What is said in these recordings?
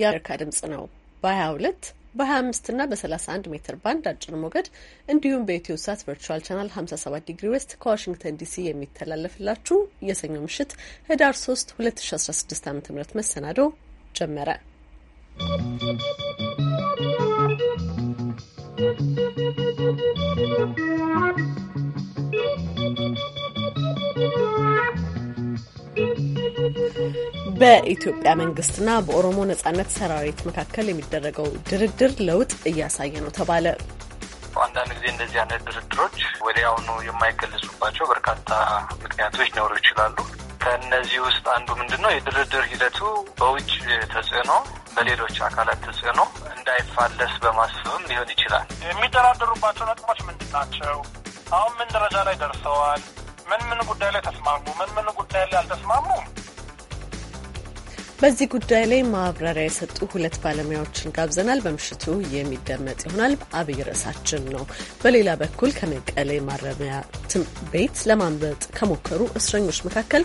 የአሜሪካ ድምጽ ነው በ22 በ25 እና በ31 ሜትር ባንድ አጭር ሞገድ እንዲሁም በኢትዮ ሳት ቨርቹዋል ቻናል 57 ዲግሪ ዌስት ከዋሽንግተን ዲሲ የሚተላለፍላችሁ የሰኞ ምሽት ህዳር 3 2016 ዓ ም መሰናዶ ጀመረ። ¶¶ በኢትዮጵያ መንግስትና በኦሮሞ ነጻነት ሰራዊት መካከል የሚደረገው ድርድር ለውጥ እያሳየ ነው ተባለ። አንዳንድ ጊዜ እንደዚህ አይነት ድርድሮች ወዲያውኑ የማይገለጹባቸው በርካታ ምክንያቶች ሊኖሩ ይችላሉ። ከእነዚህ ውስጥ አንዱ ምንድን ነው? የድርድር ሂደቱ በውጭ ተጽዕኖ፣ በሌሎች አካላት ተጽዕኖ እንዳይፋለስ በማስብም ሊሆን ይችላል። የሚደራደሩባቸው ነጥቦች ምንድን ናቸው? አሁን ምን ደረጃ ላይ ደርሰዋል? ምን ምን ጉዳይ ላይ ተስማሙ? ምን ምን ጉዳይ ላይ አልተስማሙም? በዚህ ጉዳይ ላይ ማብራሪያ የሰጡ ሁለት ባለሙያዎችን ጋብዘናል። በምሽቱ የሚደመጥ ይሆናል። አብይ ርዕሳችን ነው። በሌላ በኩል ከመቀሌ ማረሚያ ቤት ለማምለጥ ከሞከሩ እስረኞች መካከል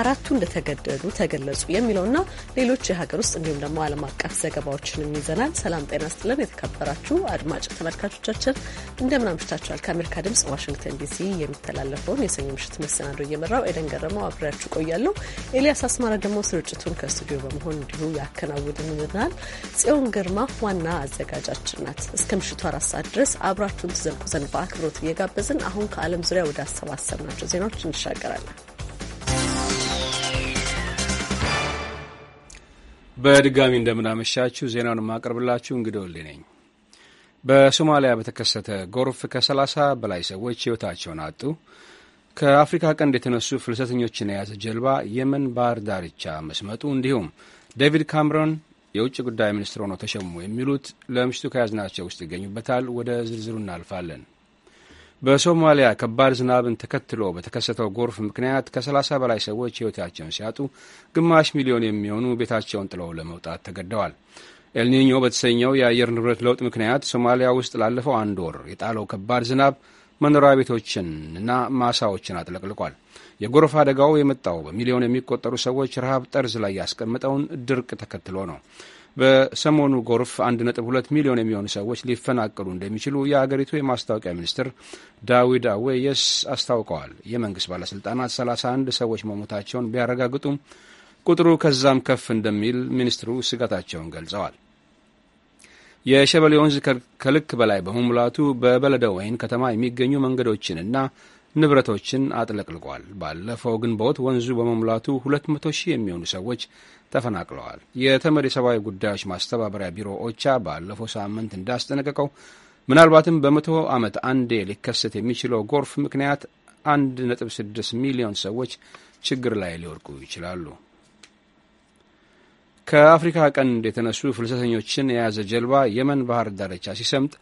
አራቱ እንደተገደሉ ተገለጹ የሚለውና ሌሎች የሀገር ውስጥ እንዲሁም ደግሞ ዓለም አቀፍ ዘገባዎችንም ይዘናል። ሰላም ጤና ስጥልን። የተከበራችሁ አድማጭ ተመልካቾቻችን እንደምን አምሽታችኋል? ከአሜሪካ ድምጽ ዋሽንግተን ዲሲ የሚተላለፈውን የሰኞ ምሽት መሰናዶ እየመራው ኤደን ገረመው አብሬያችሁ ቆያለሁ። ኤልያስ አስማራ ደግሞ ስርጭቱን ከስቱዲዮ በመሆን እንዲሁ ያከናውንልናል። ጽዮን ግርማ ዋና አዘጋጃችን ናት። እስከ ምሽቱ አራት ሰዓት ድረስ አብራችሁን ትዘልቁ ዘንድ በአክብሮት እየጋበዝን አሁን ከዓለም ዙሪያ ወደ አሰባሰብናቸው ዜናዎች እንሻገራለን። በድጋሚ እንደምናመሻችሁ ዜናውን የማቀርብላችሁ እንግዲህ ወሌ ነኝ። በሶማሊያ በተከሰተ ጎርፍ ከ30 በላይ ሰዎች ሕይወታቸውን አጡ። ከአፍሪካ ቀንድ የተነሱ ፍልሰተኞችን የያዘ ጀልባ የመን ባህር ዳርቻ መስመጡ፣ እንዲሁም ዴቪድ ካምሮን የውጭ ጉዳይ ሚኒስትር ሆነው ተሸሙ የሚሉት ለምሽቱ ከያዝናቸው ውስጥ ይገኙበታል። ወደ ዝርዝሩ እናልፋለን። በሶማሊያ ከባድ ዝናብን ተከትሎ በተከሰተው ጎርፍ ምክንያት ከ30 በላይ ሰዎች ሕይወታቸውን ሲያጡ ግማሽ ሚሊዮን የሚሆኑ ቤታቸውን ጥለው ለመውጣት ተገደዋል። ኤልኒኞ በተሰኘው የአየር ንብረት ለውጥ ምክንያት ሶማሊያ ውስጥ ላለፈው አንድ ወር የጣለው ከባድ ዝናብ መኖሪያ ቤቶችንና ማሳዎችን አጥለቅልቋል። የጎርፍ አደጋው የመጣው በሚሊዮን የሚቆጠሩ ሰዎች ረሃብ ጠርዝ ላይ ያስቀምጠውን ድርቅ ተከትሎ ነው። በሰሞኑ ጎርፍ 1.2 ሚሊዮን የሚሆኑ ሰዎች ሊፈናቀሉ እንደሚችሉ የአገሪቱ የማስታወቂያ ሚኒስትር ዳዊድ አዌየስ አስታውቀዋል። የመንግስት ባለሥልጣናት 31 ሰዎች መሞታቸውን ቢያረጋግጡም ቁጥሩ ከዛም ከፍ እንደሚል ሚኒስትሩ ስጋታቸውን ገልጸዋል። የሸበሌ ወንዝ ከልክ በላይ በመሙላቱ በበለደ ወይን ከተማ የሚገኙ መንገዶችንና ንብረቶችን አጥለቅልቋል። ባለፈው ግንቦት ወንዙ በመሙላቱ 200 ሺህ የሚሆኑ ሰዎች ተፈናቅለዋል። የተመድ የሰብአዊ ጉዳዮች ማስተባበሪያ ቢሮ ኦቻ ባለፈው ሳምንት እንዳስጠነቀቀው ምናልባትም በመቶ ዓመት አንዴ ሊከሰት የሚችለው ጎርፍ ምክንያት 1.6 ሚሊዮን ሰዎች ችግር ላይ ሊወድቁ ይችላሉ። ከአፍሪካ ቀንድ የተነሱ ፍልሰተኞችን የያዘ ጀልባ የመን ባህር ዳርቻ ሲሰምጥ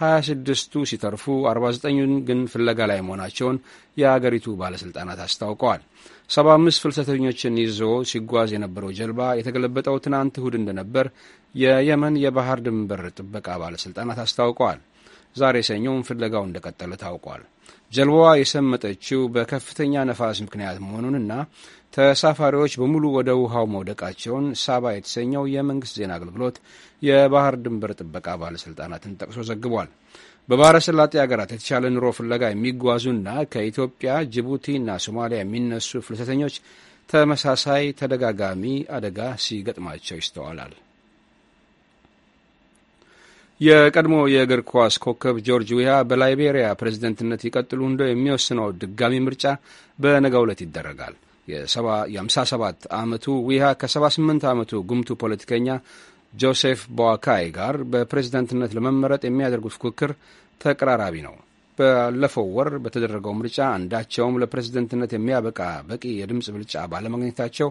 26ቱ ሲተርፉ 49ኙን ግን ፍለጋ ላይ መሆናቸውን የአገሪቱ ባለሥልጣናት አስታውቀዋል። 75 ፍልሰተኞችን ይዞ ሲጓዝ የነበረው ጀልባ የተገለበጠው ትናንት እሁድ እንደነበር የየመን የባህር ድንበር ጥበቃ ባለሥልጣናት አስታውቀዋል። ዛሬ ሰኞም ፍለጋው እንደቀጠለ ታውቋል። ጀልባዋ የሰመጠችው በከፍተኛ ነፋስ ምክንያት መሆኑንና ተሳፋሪዎች በሙሉ ወደ ውሃው መውደቃቸውን ሳባ የተሰኘው የመንግስት ዜና አገልግሎት የባህር ድንበር ጥበቃ ባለሥልጣናትን ጠቅሶ ዘግቧል። በባህረ ሰላጤ ሀገራት የተሻለ ኑሮ ፍለጋ የሚጓዙና ከኢትዮጵያ ጅቡቲና ሶማሊያ የሚነሱ ፍልሰተኞች ተመሳሳይ ተደጋጋሚ አደጋ ሲገጥማቸው ይስተዋላል። የቀድሞ የእግር ኳስ ኮከብ ጆርጅ ዊሃ በላይቤሪያ ፕሬዝደንትነት ይቀጥሉ እንደ የሚወስነው ድጋሚ ምርጫ በነገ ዕለት ይደረጋል። የ57 ዓመቱ ዊሃ ከ78 ዓመቱ ጉምቱ ፖለቲከኛ ጆሴፍ ቦዋካይ ጋር በፕሬዝደንትነት ለመመረጥ የሚያደርጉት ፉክክር ተቀራራቢ ነው። ባለፈው ወር በተደረገው ምርጫ አንዳቸውም ለፕሬዝደንትነት የሚያበቃ በቂ የድምፅ ብልጫ ባለማግኘታቸው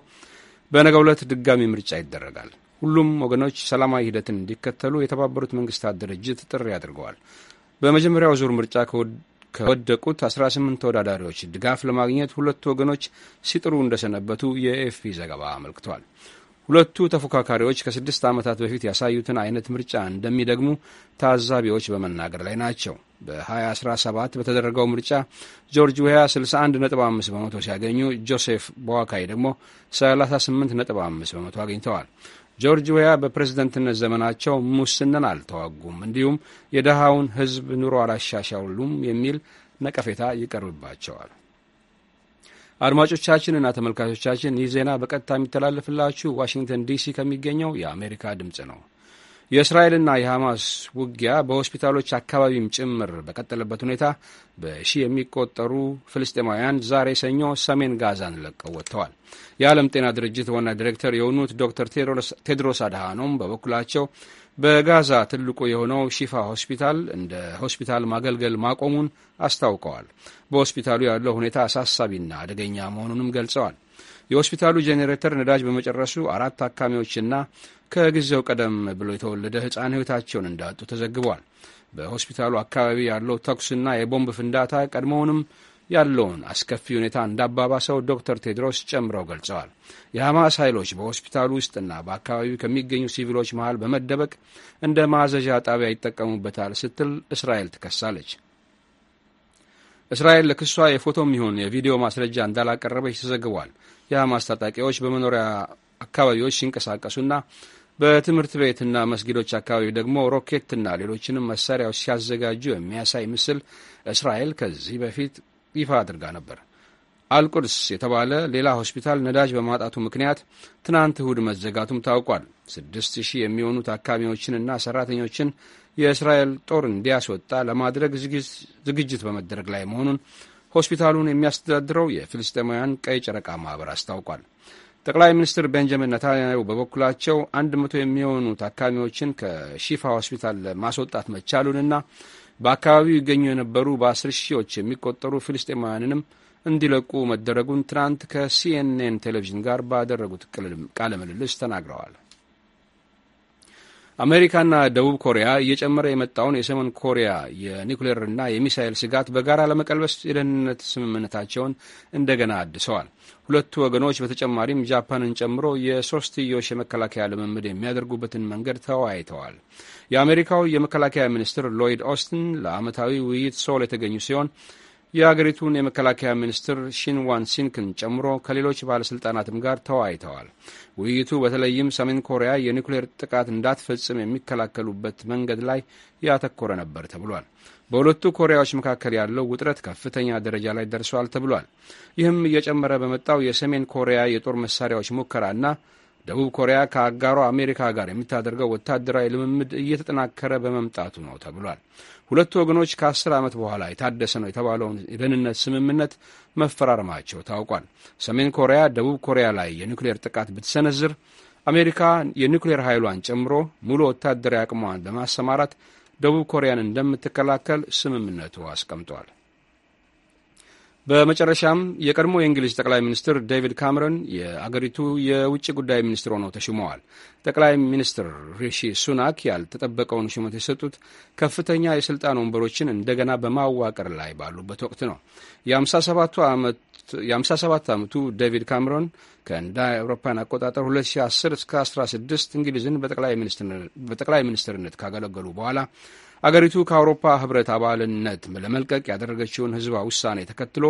በነገ ዕለት ድጋሚ ምርጫ ይደረጋል። ሁሉም ወገኖች ሰላማዊ ሂደትን እንዲከተሉ የተባበሩት መንግስታት ድርጅት ጥሪ አድርገዋል። በመጀመሪያው ዙር ምርጫ ከወደቁት 18 ተወዳዳሪዎች ድጋፍ ለማግኘት ሁለቱ ወገኖች ሲጥሩ እንደሰነበቱ የኤፍፒ ዘገባ አመልክቷል። ሁለቱ ተፎካካሪዎች ከስድስት ዓመታት በፊት ያሳዩትን አይነት ምርጫ እንደሚደግሙ ታዛቢዎች በመናገር ላይ ናቸው። በ2017 በተደረገው ምርጫ ጆርጅ ዌያ 61.5 በመቶ ሲያገኙ ጆሴፍ በዋካይ ደግሞ 38.5 በመቶ አግኝተዋል። ጆርጅ ወያ በፕሬዝደንትነት ዘመናቸው ሙስናን አልተዋጉም፣ እንዲሁም የደሃውን ህዝብ ኑሮ አላሻሻሉም የሚል ነቀፌታ ይቀርብባቸዋል። አድማጮቻችንና ተመልካቾቻችን ይህ ዜና በቀጥታ የሚተላለፍላችሁ ዋሽንግተን ዲሲ ከሚገኘው የአሜሪካ ድምፅ ነው። የእስራኤልና የሐማስ ውጊያ በሆስፒታሎች አካባቢም ጭምር በቀጠለበት ሁኔታ በሺ የሚቆጠሩ ፍልስጤማውያን ዛሬ ሰኞ ሰሜን ጋዛን ለቀው ወጥተዋል። የዓለም ጤና ድርጅት ዋና ዲሬክተር የሆኑት ዶክተር ቴድሮስ አድሃኖም በበኩላቸው በጋዛ ትልቁ የሆነው ሺፋ ሆስፒታል እንደ ሆስፒታል ማገልገል ማቆሙን አስታውቀዋል። በሆስፒታሉ ያለው ሁኔታ አሳሳቢና አደገኛ መሆኑንም ገልጸዋል። የሆስፒታሉ ጄኔሬተር ነዳጅ በመጨረሱ አራት ታካሚዎችና ከጊዜው ቀደም ብሎ የተወለደ ሕፃን ሕይወታቸውን እንዳጡ ተዘግቧል። በሆስፒታሉ አካባቢ ያለው ተኩስና የቦምብ ፍንዳታ ቀድሞውንም ያለውን አስከፊ ሁኔታ እንዳባባሰው ዶክተር ቴድሮስ ጨምረው ገልጸዋል። የሐማስ ኃይሎች በሆስፒታሉ ውስጥና በአካባቢው ከሚገኙ ሲቪሎች መሃል በመደበቅ እንደ ማዘዣ ጣቢያ ይጠቀሙበታል ስትል እስራኤል ትከሳለች። እስራኤል ለክሷ የፎቶም ይሁን የቪዲዮ ማስረጃ እንዳላቀረበች ተዘግቧል። የሐማስ ታጣቂዎች በመኖሪያ አካባቢዎች ሲንቀሳቀሱና በትምህርት ቤትና መስጊዶች አካባቢ ደግሞ ሮኬትና ሌሎችንም መሳሪያዎች ሲያዘጋጁ የሚያሳይ ምስል እስራኤል ከዚህ በፊት ይፋ አድርጋ ነበር። አልቁድስ የተባለ ሌላ ሆስፒታል ነዳጅ በማጣቱ ምክንያት ትናንት እሁድ መዘጋቱም ታውቋል። ስድስት ሺህ የሚሆኑ ታካሚዎችንና ሰራተኞችን የእስራኤል ጦር እንዲያስወጣ ለማድረግ ዝግጅት በመደረግ ላይ መሆኑን ሆስፒታሉን የሚያስተዳድረው የፍልስጤማውያን ቀይ ጨረቃ ማኅበር አስታውቋል። ጠቅላይ ሚኒስትር ቤንጃሚን ነታንያሁ በበኩላቸው አንድ መቶ የሚሆኑ ታካሚዎችን ከሺፋ ሆስፒታል ማስወጣት መቻሉንና በአካባቢው ይገኙ የነበሩ በአስር ሺዎች የሚቆጠሩ ፊልስጤማውያንንም እንዲለቁ መደረጉን ትናንት ከሲኤንኤን ቴሌቪዥን ጋር ባደረጉት ቃለ ምልልስ ተናግረዋል። አሜሪካና ደቡብ ኮሪያ እየጨመረ የመጣውን የሰሜን ኮሪያ የኒኩሌርና የሚሳኤል ስጋት በጋራ ለመቀልበስ የደህንነት ስምምነታቸውን እንደገና አድሰዋል። ሁለቱ ወገኖች በተጨማሪም ጃፓንን ጨምሮ የሶስትዮሽ የመከላከያ ልምምድ የሚያደርጉበትን መንገድ ተወያይተዋል። የአሜሪካው የመከላከያ ሚኒስትር ሎይድ ኦስትን ለዓመታዊ ውይይት ሶል የተገኙ ሲሆን የአገሪቱን የመከላከያ ሚኒስትር ሺንዋን ሲንክን ጨምሮ ከሌሎች ባለሥልጣናትም ጋር ተወያይተዋል። ውይይቱ በተለይም ሰሜን ኮሪያ የኒውክሌር ጥቃት እንዳትፈጽም የሚከላከሉበት መንገድ ላይ ያተኮረ ነበር ተብሏል። በሁለቱ ኮሪያዎች መካከል ያለው ውጥረት ከፍተኛ ደረጃ ላይ ደርሷል ተብሏል። ይህም እየጨመረ በመጣው የሰሜን ኮሪያ የጦር መሳሪያዎች ሙከራና ደቡብ ኮሪያ ከአጋሯ አሜሪካ ጋር የምታደርገው ወታደራዊ ልምምድ እየተጠናከረ በመምጣቱ ነው ተብሏል። ሁለቱ ወገኖች ከአስር ዓመት በኋላ የታደሰ ነው የተባለውን የደህንነት ስምምነት መፈራረማቸው ታውቋል። ሰሜን ኮሪያ ደቡብ ኮሪያ ላይ የኒውክሌር ጥቃት ብትሰነዝር አሜሪካ የኒውክሌር ኃይሏን ጨምሮ ሙሉ ወታደራዊ አቅሟን በማሰማራት ደቡብ ኮሪያን እንደምትከላከል ስምምነቱ አስቀምጧል። በመጨረሻም የቀድሞ የእንግሊዝ ጠቅላይ ሚኒስትር ዴቪድ ካምረን የአገሪቱ የውጭ ጉዳይ ሚኒስትር ሆነው ተሹመዋል። ጠቅላይ ሚኒስትር ሪሺ ሱናክ ያልተጠበቀውን ሹመት የሰጡት ከፍተኛ የስልጣን ወንበሮችን እንደገና በማዋቀር ላይ ባሉበት ወቅት ነው። የ57 ዓመቱ ዴቪድ ካምረን ከእንደ አውሮፓውያን አቆጣጠር 2010 እስከ 16 እንግሊዝን በጠቅላይ ሚኒስትርነት ካገለገሉ በኋላ አገሪቱ ከአውሮፓ ህብረት አባልነት ለመልቀቅ ያደረገችውን ህዝባ ውሳኔ ተከትሎ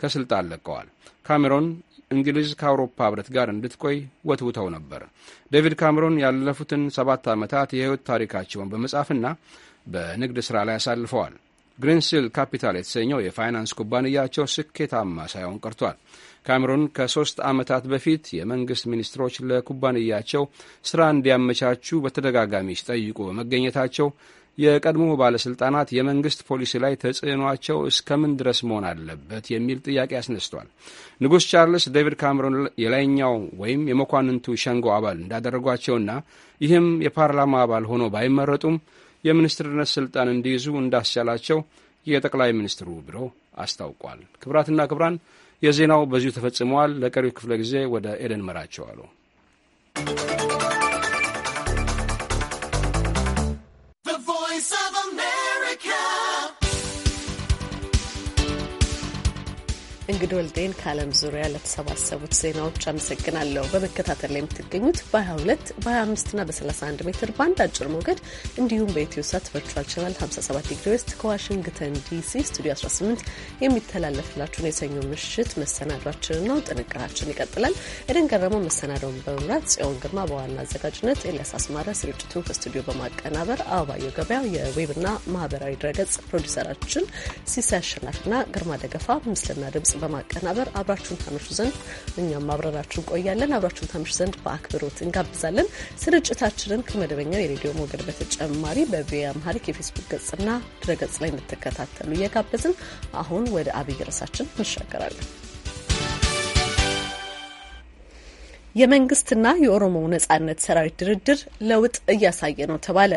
ከስልጣን ለቀዋል። ካሜሮን እንግሊዝ ከአውሮፓ ህብረት ጋር እንድትቆይ ወትውተው ነበር። ዴቪድ ካሜሮን ያለፉትን ሰባት ዓመታት የህይወት ታሪካቸውን በመጻፍና በንግድ ሥራ ላይ አሳልፈዋል። ግሪንሲል ካፒታል የተሰኘው የፋይናንስ ኩባንያቸው ስኬታማ ሳይሆን ቀርቷል። ካሜሮን ከሦስት ዓመታት በፊት የመንግሥት ሚኒስትሮች ለኩባንያቸው ሥራ እንዲያመቻቹ በተደጋጋሚ ሲጠይቁ በመገኘታቸው የቀድሞ ባለሥልጣናት የመንግሥት ፖሊሲ ላይ ተጽዕኗቸው እስከምን ድረስ መሆን አለበት የሚል ጥያቄ አስነስቷል። ንጉሥ ቻርልስ ዴቪድ ካምሮን የላይኛው ወይም የመኳንንቱ ሸንጎ አባል እንዳደረጓቸውና ይህም የፓርላማ አባል ሆኖ ባይመረጡም የሚኒስትርነት ሥልጣን እንዲይዙ እንዳስቻላቸው የጠቅላይ ሚኒስትሩ ቢሮ አስታውቋል። ክብራትና ክብራን የዜናው በዚሁ ተፈጽመዋል። ለቀሪው ክፍለ ጊዜ ወደ ኤደን መራቸዋለሁ። እንግዲህ ወልዴን ከዓለም ዙሪያ ለተሰባሰቡት ዜናዎች አመሰግናለሁ። በመከታተል ላይ የምትገኙት በ22 በ25 እና በ31 ሜትር ባንድ አጭር ሞገድ እንዲሁም በኢትዮ ሳት ቨርቹዋል ቻናል 57 ዲግሪ ውስጥ ከዋሽንግተን ዲሲ ስቱዲዮ 18 የሚተላለፍላችሁን የሰኞ ምሽት መሰናዷችን ነው። ጥንቅራችን ይቀጥላል። ኤደን ገረመው መሰናደውን በመምራት ጽዮን ግርማ በዋና አዘጋጅነት፣ ኤልያስ አስማረ ስርጭቱን ከስቱዲዮ በማቀናበር አበባየሁ ገበያ የዌብና ማህበራዊ ድረገጽ ፕሮዲሰራችን ሲሳይ አሸናፊና ግርማ ደገፋ ምስልና ድምጽ በማቀናበር አብራችሁን ታመሹ ዘንድ እኛም አብረናችሁ እንቆያለን። አብራችሁን ታመሹ ዘንድ በአክብሮት እንጋብዛለን። ስርጭታችንን ከመደበኛው የሬዲዮ ሞገድ በተጨማሪ በቪኦኤ አምሃሪክ የፌስቡክ ገጽና ድረገጽ ላይ እንድትከታተሉ እየጋበዝን አሁን ወደ አብይ ርዕሳችን እንሻገራለን። የመንግስትና የኦሮሞ ነጻነት ሰራዊት ድርድር ለውጥ እያሳየ ነው ተባለ።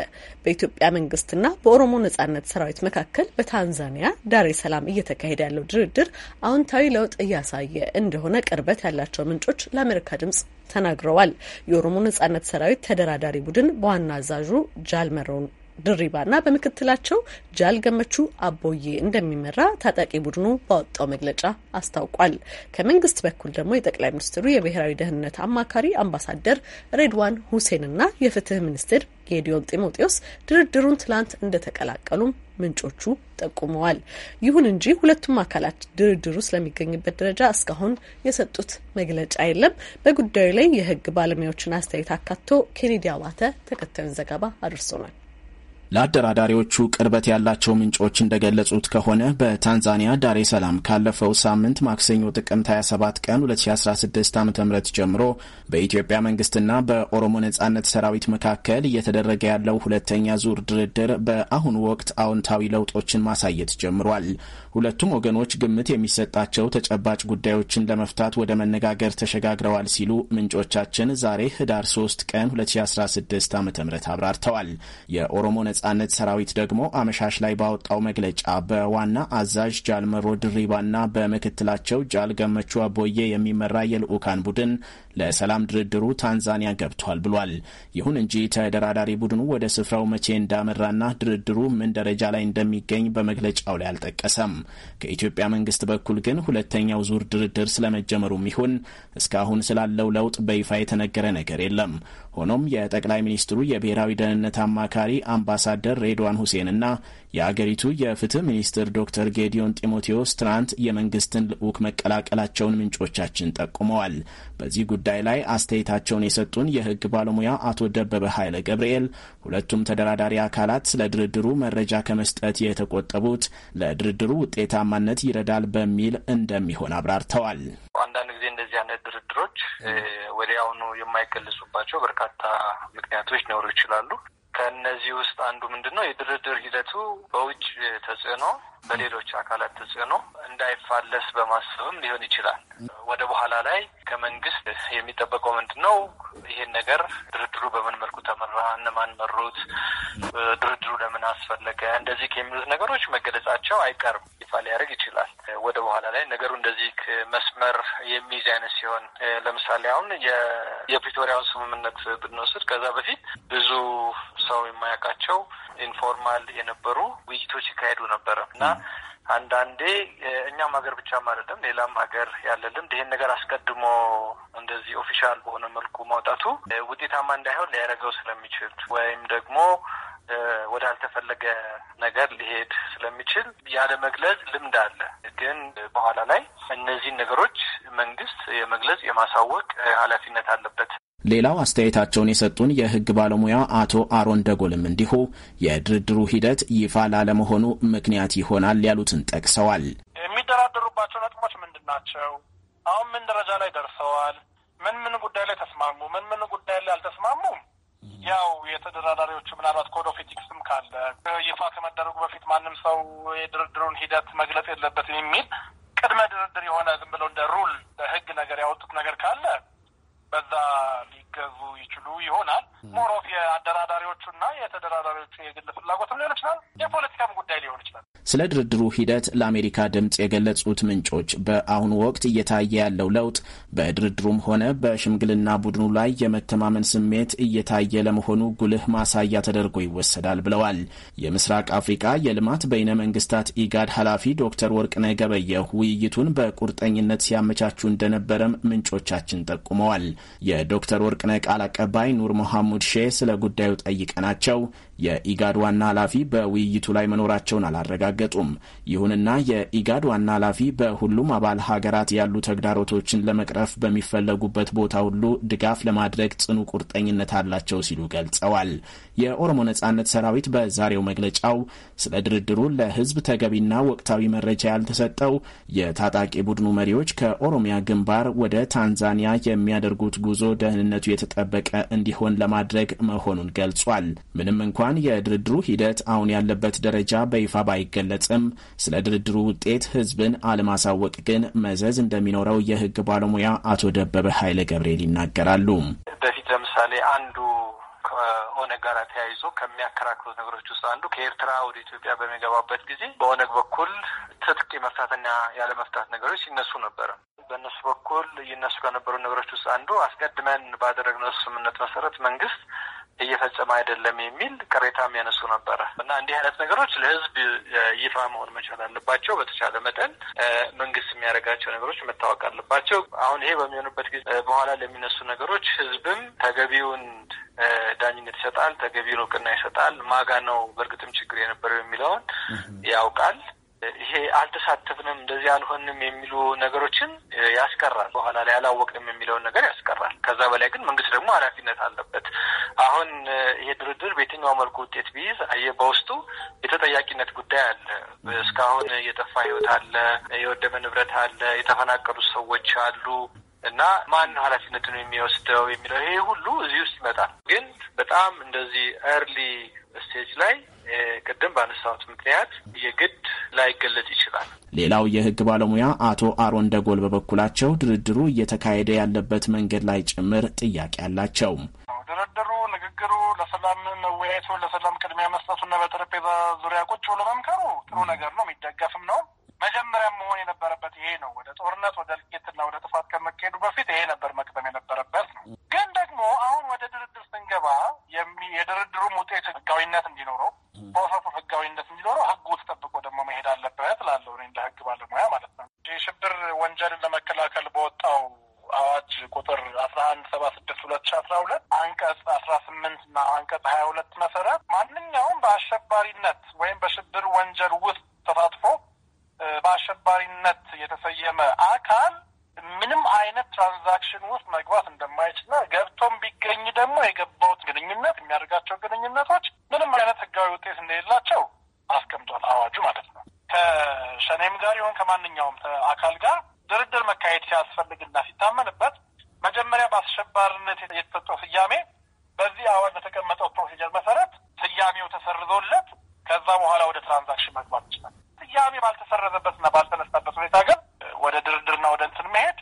በኢትዮጵያ መንግስትና በኦሮሞ ነጻነት ሰራዊት መካከል በታንዛኒያ ዳሬ ሰላም እየተካሄደ ያለው ድርድር አዎንታዊ ለውጥ እያሳየ እንደሆነ ቅርበት ያላቸው ምንጮች ለአሜሪካ ድምጽ ተናግረዋል። የኦሮሞ ነጻነት ሰራዊት ተደራዳሪ ቡድን በዋና አዛዡ ጃል መሮን ድሪባና በምክትላቸው ጃል ገመቹ አቦዬ እንደሚመራ ታጣቂ ቡድኑ ባወጣው መግለጫ አስታውቋል። ከመንግስት በኩል ደግሞ የጠቅላይ ሚኒስትሩ የብሔራዊ ደህንነት አማካሪ አምባሳደር ሬድዋን ሁሴንና የፍትህ ሚኒስትር ጌዲዮን ጢሞቴዎስ ድርድሩን ትላንት እንደተቀላቀሉም ምንጮቹ ጠቁመዋል። ይሁን እንጂ ሁለቱም አካላት ድርድሩ ስለሚገኝበት ደረጃ እስካሁን የሰጡት መግለጫ የለም። በጉዳዩ ላይ የህግ ባለሙያዎችን አስተያየት አካቶ ኬኔዲ አባተ ተከታዩን ዘገባ አድርሶናል። ለአደራዳሪዎቹ ቅርበት ያላቸው ምንጮች እንደገለጹት ከሆነ በታንዛኒያ ዳሬ ሰላም ካለፈው ሳምንት ማክሰኞ ጥቅምት 27 ቀን 2016 ዓ ም ጀምሮ በኢትዮጵያ መንግስትና በኦሮሞ ነጻነት ሰራዊት መካከል እየተደረገ ያለው ሁለተኛ ዙር ድርድር በአሁኑ ወቅት አዎንታዊ ለውጦችን ማሳየት ጀምሯል። ሁለቱም ወገኖች ግምት የሚሰጣቸው ተጨባጭ ጉዳዮችን ለመፍታት ወደ መነጋገር ተሸጋግረዋል ሲሉ ምንጮቻችን ዛሬ ህዳር 3 ቀን 2016 ዓ ም አብራርተዋል። የኦሮሞ ነጻነት ሰራዊት ደግሞ አመሻሽ ላይ ባወጣው መግለጫ በዋና አዛዥ ጃልመሮ ድሪባና በምክትላቸው ጃል ገመቹ አቦዬ የሚመራ የልዑካን ቡድን ለሰላም ድርድሩ ታንዛኒያ ገብቷል ብሏል። ይሁን እንጂ ተደራዳሪ ቡድኑ ወደ ስፍራው መቼ እንዳመራና ድርድሩ ምን ደረጃ ላይ እንደሚገኝ በመግለጫው ላይ አልጠቀሰም። ከኢትዮጵያ መንግስት በኩል ግን ሁለተኛው ዙር ድርድር ስለመጀመሩም ይሁን እስካሁን ስላለው ለውጥ በይፋ የተነገረ ነገር የለም። ሆኖም የጠቅላይ ሚኒስትሩ የብሔራዊ ደህንነት አማካሪ አምባሳ አምባሳደር ሬድዋን ሁሴንና የአገሪቱ የፍትህ ሚኒስትር ዶክተር ጌዲዮን ጢሞቴዎስ ትናንት የመንግስትን ልዑክ መቀላቀላቸውን ምንጮቻችን ጠቁመዋል። በዚህ ጉዳይ ላይ አስተያየታቸውን የሰጡን የህግ ባለሙያ አቶ ደበበ ኃይለ ገብርኤል ሁለቱም ተደራዳሪ አካላት ስለ ድርድሩ መረጃ ከመስጠት የተቆጠቡት ለድርድሩ ውጤታማነት ይረዳል በሚል እንደሚሆን አብራርተዋል። አንዳንድ ጊዜ እንደዚህ አይነት ድርድሮች ወዲያውኑ የማይገልጹባቸው በርካታ ምክንያቶች ሊኖሩ ይችላሉ። ከእነዚህ ውስጥ አንዱ ምንድን ነው የድርድር ሂደቱ በውጭ ተጽዕኖ፣ በሌሎች አካላት ተጽዕኖ እንዳይፋለስ በማሰብም ሊሆን ይችላል። ወደ በኋላ ላይ ከመንግስት የሚጠበቀው ምንድን ነው? ይሄን ነገር ድርድሩ በምን መልኩ ተመራ፣ እነማን መሩት፣ ድርድሩ ለምን አስፈለገ፣ እንደዚህ የሚሉት ነገሮች መገለጻቸው አይቀርም። ይፋ ሊያደርግ ይችላል። ወደ በኋላ ላይ ነገሩ እንደዚህ መስመር የሚይዝ አይነት ሲሆን፣ ለምሳሌ አሁን የፕሪቶሪያውን ስምምነት ብንወስድ ከዛ በፊት ብዙ ሰው የማያውቃቸው ኢንፎርማል የነበሩ ውይይቶች ይካሄዱ ነበረ እና አንዳንዴ እኛም ሀገር ብቻም አይደለም ሌላም ሀገር ያለ ልምድ ይህን ነገር አስቀድሞ እንደዚህ ኦፊሻል በሆነ መልኩ ማውጣቱ ውጤታማ እንዳይሆን ሊያደርገው ስለሚችል ወይም ደግሞ ወዳልተፈለገ ነገር ሊሄድ ስለሚችል ያለ መግለጽ ልምድ አለ። ግን በኋላ ላይ እነዚህን ነገሮች መንግስት የመግለጽ የማሳወቅ ኃላፊነት አለበት። ሌላው አስተያየታቸውን የሰጡን የህግ ባለሙያ አቶ አሮን ደጎልም እንዲሁ የድርድሩ ሂደት ይፋ ላለመሆኑ ምክንያት ይሆናል ያሉትን ጠቅሰዋል። የሚደራደሩባቸው ነጥቦች ምንድን ናቸው? አሁን ምን ደረጃ ላይ ደርሰዋል? ምን ምን ጉዳይ ላይ ተስማሙ? ምን ምን ጉዳይ ላይ አልተስማሙም? ያው የተደራዳሪዎቹ ምናልባት ኮድ ኦፍ ኤቲክስም ካለ ይፋ ከመደረጉ በፊት ማንም ሰው የድርድሩን ሂደት መግለጽ የለበትም የሚል ቅድመ ድርድር የሆነ ዝም ብለው እንደ ሩል ለህግ ነገር ያወጡት ነገር ካለ በዛ ሊገዙ ይችሉ ይሆናል። ሞሮፍ የአደራዳሪዎቹና የተደራዳሪዎቹ የግል ፍላጎትም ሊሆን ይችላል። የፖለቲካም ጉዳይ ሊሆን ይችላል። ስለ ድርድሩ ሂደት ለአሜሪካ ድምፅ የገለጹት ምንጮች በአሁኑ ወቅት እየታየ ያለው ለውጥ በድርድሩም ሆነ በሽምግልና ቡድኑ ላይ የመተማመን ስሜት እየታየ ለመሆኑ ጉልህ ማሳያ ተደርጎ ይወሰዳል ብለዋል። የምስራቅ አፍሪካ የልማት በይነ መንግስታት ኢጋድ ኃላፊ ዶክተር ወርቅነህ ገበየሁ ውይይቱን በቁርጠኝነት ሲያመቻቹ እንደነበረም ምንጮቻችን ጠቁመዋል። የዶክተር ወርቅ መቅነ ቃል አቀባይ ኑር መሐሙድ ሼህ ስለ ጉዳዩ ጠይቀናቸው የኢጋድ ዋና ኃላፊ በውይይቱ ላይ መኖራቸውን አላረጋገጡም። ይሁንና የኢጋድ ዋና ኃላፊ በሁሉም አባል ሀገራት ያሉ ተግዳሮቶችን ለመቅረፍ በሚፈለጉበት ቦታ ሁሉ ድጋፍ ለማድረግ ጽኑ ቁርጠኝነት አላቸው ሲሉ ገልጸዋል። የኦሮሞ ነጻነት ሰራዊት በዛሬው መግለጫው ስለ ድርድሩ ለሕዝብ ተገቢና ወቅታዊ መረጃ ያልተሰጠው የታጣቂ ቡድኑ መሪዎች ከኦሮሚያ ግንባር ወደ ታንዛኒያ የሚያደርጉት ጉዞ ደህንነቱ የተጠበቀ እንዲሆን ለማድረግ መሆኑን ገልጿል። ምንም እንኳን የድርድሩ ሂደት አሁን ያለበት ደረጃ በይፋ ባይገለጽም ስለ ድርድሩ ውጤት ህዝብን አለማሳወቅ ግን መዘዝ እንደሚኖረው የህግ ባለሙያ አቶ ደበበ ኃይለ ገብርኤል ይናገራሉ። በፊት ለምሳሌ አንዱ ከኦነግ ጋር ተያይዞ ከሚያከራክሩት ነገሮች ውስጥ አንዱ ከኤርትራ ወደ ኢትዮጵያ በሚገባበት ጊዜ በኦነግ በኩል ትጥቅ የመፍታትና ያለመፍታት ነገሮች ሲነሱ ነበረ። በእነሱ በኩል ይነሱ ከነበሩ ነገሮች ውስጥ አንዱ አስቀድመን ባደረግነው ስምምነት መሰረት መንግስት እየፈጸመ አይደለም የሚል ቅሬታ የሚያነሱ ነበረ እና እንዲህ አይነት ነገሮች ለህዝብ ይፋ መሆን መቻል አለባቸው። በተቻለ መጠን መንግስት የሚያደርጋቸው ነገሮች መታወቅ አለባቸው። አሁን ይሄ በሚሆንበት ጊዜ በኋላ ለሚነሱ ነገሮች ህዝብም ተገቢውን ዳኝነት ይሰጣል፣ ተገቢውን እውቅና ይሰጣል። ማጋ ነው በእርግጥም ችግር የነበረው የሚለውን ያውቃል። ይሄ አልተሳተፍንም፣ እንደዚህ አልሆንም የሚሉ ነገሮችን ያስቀራል። በኋላ ላይ አላወቅንም የሚለውን ነገር ያስቀራል። ከዛ በላይ ግን መንግስት ደግሞ ኃላፊነት አለበት። አሁን ይሄ ድርድር በየትኛው መልኩ ውጤት ቢይዝ አየ በውስጡ የተጠያቂነት ጉዳይ አለ። እስካሁን የጠፋ ህይወት አለ፣ የወደመ ንብረት አለ፣ የተፈናቀሉ ሰዎች አሉ። እና ማን ኃላፊነቱን የሚወስደው የሚለው ይሄ ሁሉ እዚህ ውስጥ ይመጣል። ግን በጣም እንደዚህ ኤርሊ ስቴጅ ላይ ቅድም በአነሳሁት ምክንያት የግድ ላይገለጽ ይችላል። ሌላው የህግ ባለሙያ አቶ አሮን ደጎል በበኩላቸው ድርድሩ እየተካሄደ ያለበት መንገድ ላይ ጭምር ጥያቄ አላቸው። ድርድሩ፣ ንግግሩ፣ ለሰላም መወያየቱ፣ ለሰላም ቅድሚያ መስጠቱና በጠረጴዛ ዙሪያ ቁጭ ብሎ መምከሩ ጥሩ ነገር ነው፣ የሚደገፍም ነው መጀመሪያ መሆን የነበረበት ይሄ ነው። ወደ ጦርነት ወደ እልቂትና ወደ ጥፋት ከመካሄዱ በፊት ይሄ ነበር መቅደም የነበረበት ነው። ግን ደግሞ አሁን ወደ ድርድር ስንገባ የድርድሩም ውጤት ህጋዊነት እንዲኖረው በወሰቱ ህጋዊነት እንዲኖረው ህጉ ተጠብቆ ደግሞ መሄድ አለበት ላለው እንደ ህግ ባለሙያ ማለት ነው። የሽብር ወንጀልን ለመከላከል በወጣው አዋጅ ቁጥር አስራ አንድ ሰባ ስድስት ሁለት ሺ አስራ ሁለት አንቀጽ አስራ ስምንት እና አንቀጽ ሀያ ሁለት መሰረት ማንኛውም በአሸባሪነት ወይም በሽብር ወንጀል ውስጥ ተሳትፎ በአሸባሪነት የተሰየመ አካል ምንም አይነት ትራንዛክሽን ውስጥ መግባት እንደማይችልና ገብቶም ቢገኝ ደግሞ የገባውት ግንኙነት የሚያደርጋቸው ግንኙነቶች ምንም አይነት ህጋዊ ውጤት እንደሌላቸው አስቀምጧል አዋጁ ማለት ነው። ከሸኔም ጋር ይሁን ከማንኛውም አካል ጋር ድርድር መካሄድ ሲያስፈልግና ሲታመንበት መጀመሪያ በአስሸባሪነት የተሰጠው ስያሜ በዚህ አዋጅ በተቀመጠው ፕሮሲጀር መሰረት ስያሜው ተሰርዞለት ከዛ በኋላ ወደ ትራንዛክሽን መግባት ይችላል። ያቤ ባልተሰረዘበትና ባልተነሳበት ሁኔታ ግን ወደ ድርድርና ወደ እንትን መሄድ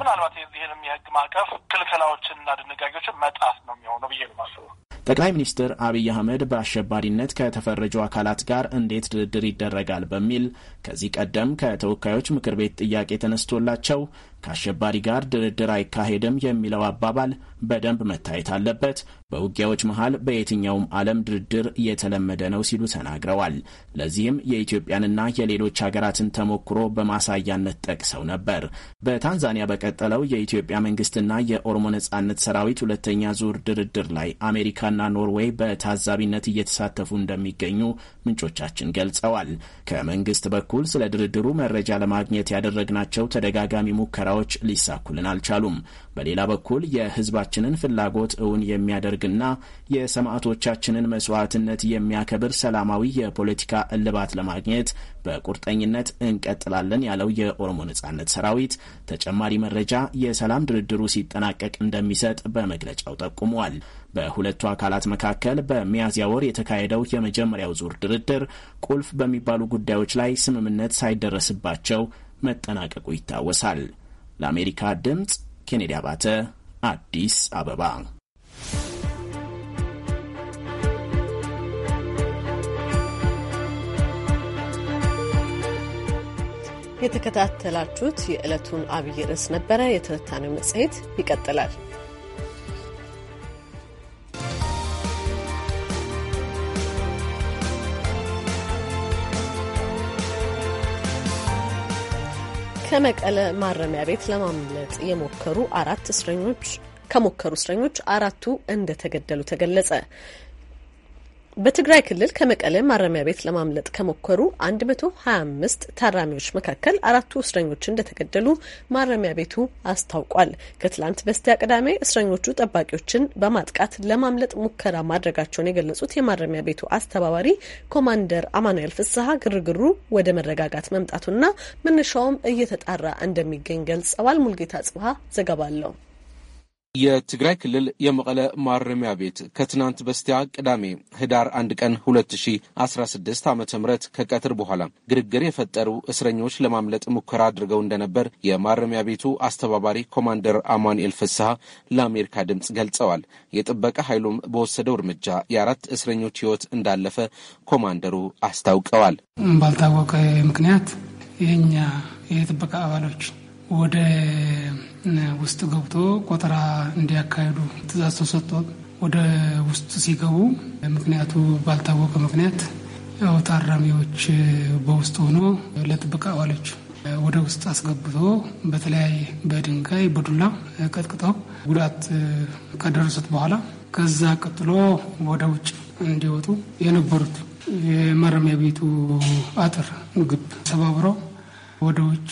ምናልባት የዚህንም የህግ ማዕቀፍ ክልክላዎችንና ድንጋጌዎችን መጣስ ነው የሚሆነው ብዬ ነው የማስበው። ጠቅላይ ሚኒስትር አብይ አህመድ በአሸባሪነት ከተፈረጁ አካላት ጋር እንዴት ድርድር ይደረጋል በሚል ከዚህ ቀደም ከተወካዮች ምክር ቤት ጥያቄ ተነስቶላቸው ከአሸባሪ ጋር ድርድር አይካሄድም የሚለው አባባል በደንብ መታየት አለበት። በውጊያዎች መሀል በየትኛውም ዓለም ድርድር እየተለመደ ነው ሲሉ ተናግረዋል። ለዚህም የኢትዮጵያንና የሌሎች ሀገራትን ተሞክሮ በማሳያነት ጠቅሰው ነበር። በታንዛኒያ በቀጠለው የኢትዮጵያ መንግስትና የኦሮሞ ነጻነት ሰራዊት ሁለተኛ ዙር ድርድር ላይ አሜሪካና ኖርዌይ በታዛቢነት እየተሳተፉ እንደሚገኙ ምንጮቻችን ገልጸዋል። ከመንግስት በኩል ስለ ድርድሩ መረጃ ለማግኘት ያደረግናቸው ተደጋጋሚ ሙከራ ሙከራዎች ሊሳኩልን አልቻሉም። በሌላ በኩል የህዝባችንን ፍላጎት እውን የሚያደርግና የሰማዕቶቻችንን መስዋዕትነት የሚያከብር ሰላማዊ የፖለቲካ እልባት ለማግኘት በቁርጠኝነት እንቀጥላለን ያለው የኦሮሞ ነጻነት ሰራዊት ተጨማሪ መረጃ የሰላም ድርድሩ ሲጠናቀቅ እንደሚሰጥ በመግለጫው ጠቁሟል። በሁለቱ አካላት መካከል በሚያዝያ ወር የተካሄደው የመጀመሪያው ዙር ድርድር ቁልፍ በሚባሉ ጉዳዮች ላይ ስምምነት ሳይደረስባቸው መጠናቀቁ ይታወሳል። ለአሜሪካ ድምፅ ኬኔዲ አባተ አዲስ አበባ። የተከታተላችሁት የዕለቱን አብይ ርዕስ ነበረ። የትንታኔው መጽሔት ይቀጥላል። ከመቀለ ማረሚያ ቤት ለማምለጥ የሞከሩ አራት እስረኞች ከሞከሩ እስረኞች አራቱ እንደተገደሉ ተገለጸ። በትግራይ ክልል ከመቀለ ማረሚያ ቤት ለማምለጥ ከሞከሩ 125 ታራሚዎች መካከል አራቱ እስረኞች እንደተገደሉ ማረሚያ ቤቱ አስታውቋል። ከትላንት በስቲያ ቅዳሜ እስረኞቹ ጠባቂዎችን በማጥቃት ለማምለጥ ሙከራ ማድረጋቸውን የገለጹት የማረሚያ ቤቱ አስተባባሪ ኮማንደር አማኑኤል ፍስሀ ግርግሩ ወደ መረጋጋት መምጣቱና መነሻውም እየተጣራ እንደሚገኝ ገልጸዋል። ሙልጌታ ጽብሀ ዘገባ አለው። የትግራይ ክልል የመቀለ ማረሚያ ቤት ከትናንት በስቲያ ቅዳሜ ህዳር አንድ ቀን 2016 ዓ ም ከቀትር በኋላ ግርግር የፈጠሩ እስረኞች ለማምለጥ ሙከራ አድርገው እንደነበር የማረሚያ ቤቱ አስተባባሪ ኮማንደር አማኑኤል ፍስሐ ለአሜሪካ ድምፅ ገልጸዋል። የጥበቃ ኃይሉም በወሰደው እርምጃ የአራት እስረኞች ህይወት እንዳለፈ ኮማንደሩ አስታውቀዋል። ባልታወቀ ምክንያት የእኛ የጥበቃ አባሎች ወደ ውስጥ ገብቶ ቆጠራ እንዲያካሂዱ ትእዛዝ ተሰጥቶ ወደ ውስጥ ሲገቡ ምክንያቱ ባልታወቀ ምክንያት ያው ታራሚዎች በውስጥ ሆኖ ለጥበቃ አዋሎች ወደ ውስጥ አስገብቶ በተለያየ በድንጋይ በዱላ ቀጥቅጠው ጉዳት ከደረሱት በኋላ ከዛ ቀጥሎ ወደ ውጭ እንዲወጡ የነበሩት የማረሚያ ቤቱ አጥር ግብ ሰባብረው ወደ ውጭ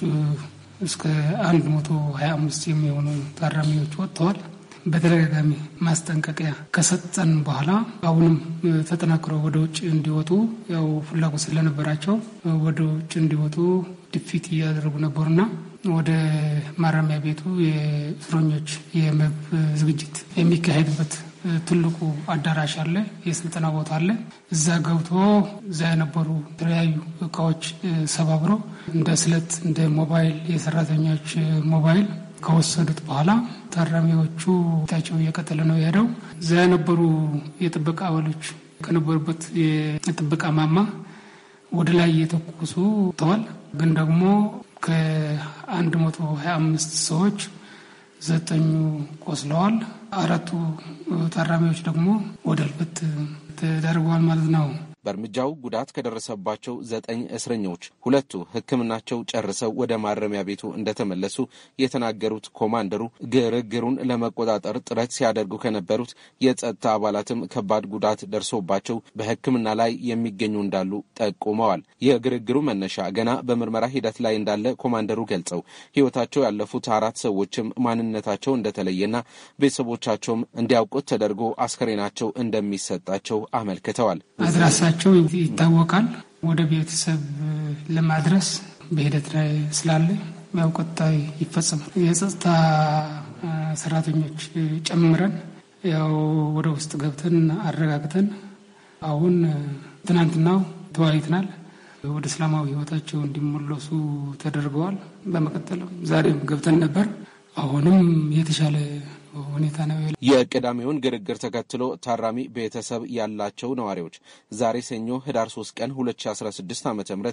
እስከ 125 መቶ የሚሆኑ ታራሚዎች ወጥተዋል። በተደጋጋሚ ማስጠንቀቂያ ከሰጠን በኋላ አሁንም ተጠናክረው ወደ ውጭ እንዲወጡ ያው ፍላጎት ስለነበራቸው ወደ ውጭ እንዲወጡ ድፊት እያደረጉ ነበሩና ወደ ማረሚያ ቤቱ የእስረኞች የመብ ዝግጅት የሚካሄድበት ትልቁ አዳራሽ አለ፣ የስልጠና ቦታ አለ። እዛ ገብቶ እዛ የነበሩ የተለያዩ እቃዎች ሰባብረው እንደ ስለት፣ እንደ ሞባይል፣ የሰራተኞች ሞባይል ከወሰዱት በኋላ ታራሚዎቹ ታቸው እየቀጠለ ነው የሄደው። እዛ የነበሩ የጥበቃ አባሎች ከነበሩበት የጥበቃ ማማ ወደ ላይ እየተኩሱ ተዋል። ግን ደግሞ ከአንድ መቶ ሀያ አምስት ሰዎች ዘጠኙ ቆስለዋል። አራቱ ታራሚዎች ደግሞ ወደ እልፍት ተዳርገዋል ማለት ነው። በእርምጃው ጉዳት ከደረሰባቸው ዘጠኝ እስረኞች ሁለቱ ሕክምናቸው ጨርሰው ወደ ማረሚያ ቤቱ እንደተመለሱ የተናገሩት ኮማንደሩ ግርግሩን ለመቆጣጠር ጥረት ሲያደርጉ ከነበሩት የጸጥታ አባላትም ከባድ ጉዳት ደርሶባቸው በሕክምና ላይ የሚገኙ እንዳሉ ጠቁመዋል። የግርግሩ መነሻ ገና በምርመራ ሂደት ላይ እንዳለ ኮማንደሩ ገልጸው ሕይወታቸው ያለፉት አራት ሰዎችም ማንነታቸው እንደተለየና ቤተሰቦቻቸውም እንዲያውቁት ተደርጎ አስከሬናቸው እንደሚሰጣቸው አመልክተዋል። ስራቸው ይታወቃል። ወደ ቤተሰብ ለማድረስ በሂደት ላይ ስላለ ያው ቀጣይ ይፈጸማል። የጸጥታ ሰራተኞች ጨምረን ያው ወደ ውስጥ ገብተን አረጋግተን አሁን ትናንትናው ተወያይተናል። ወደ ሰላማዊ ህይወታቸው እንዲመለሱ ተደርገዋል። በመቀጠልም ዛሬም ገብተን ነበር። አሁንም የተሻለ ሁኔታ ነው። የቅዳሜውን ግርግር ተከትሎ ታራሚ ቤተሰብ ያላቸው ነዋሪዎች ዛሬ ሰኞ ህዳር 3 ቀን 2016 ዓ ም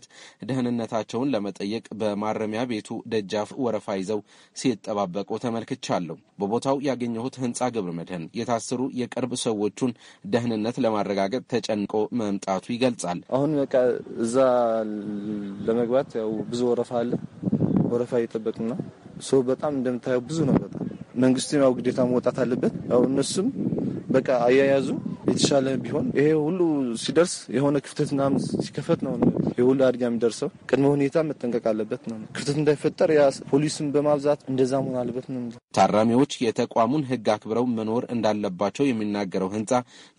ደህንነታቸውን ለመጠየቅ በማረሚያ ቤቱ ደጃፍ ወረፋ ይዘው ሲጠባበቁ ተመልክቻለሁ። በቦታው ያገኘሁት ህንፃ ግብረ መድህን የታሰሩ የቅርብ ሰዎቹን ደህንነት ለማረጋገጥ ተጨንቆ መምጣቱ ይገልጻል። አሁን በቃ እዛ ለመግባት ያው ብዙ ወረፋ አለ። ወረፋ እየጠበቅን ነው። ሰው በጣም እንደምታየው ብዙ ነው በጣም መንግስትም ያው ግዴታ መውጣት አለበት። ያው እነሱም በቃ አያያዙ የተሻለ ቢሆን ይሄ ሁሉ ሲደርስ የሆነ ክፍተት ምናምን ሲከፈት ነው ይሄ ሁሉ አድጋ የሚደርሰው። ቅድመ ሁኔታ መጠንቀቅ አለበት ነው ክፍተት እንዳይፈጠር ፖሊስን በማብዛት እንደዛ መሆን አለበት ነው። ታራሚዎች የተቋሙን ህግ አክብረው መኖር እንዳለባቸው የሚናገረው ህንፃ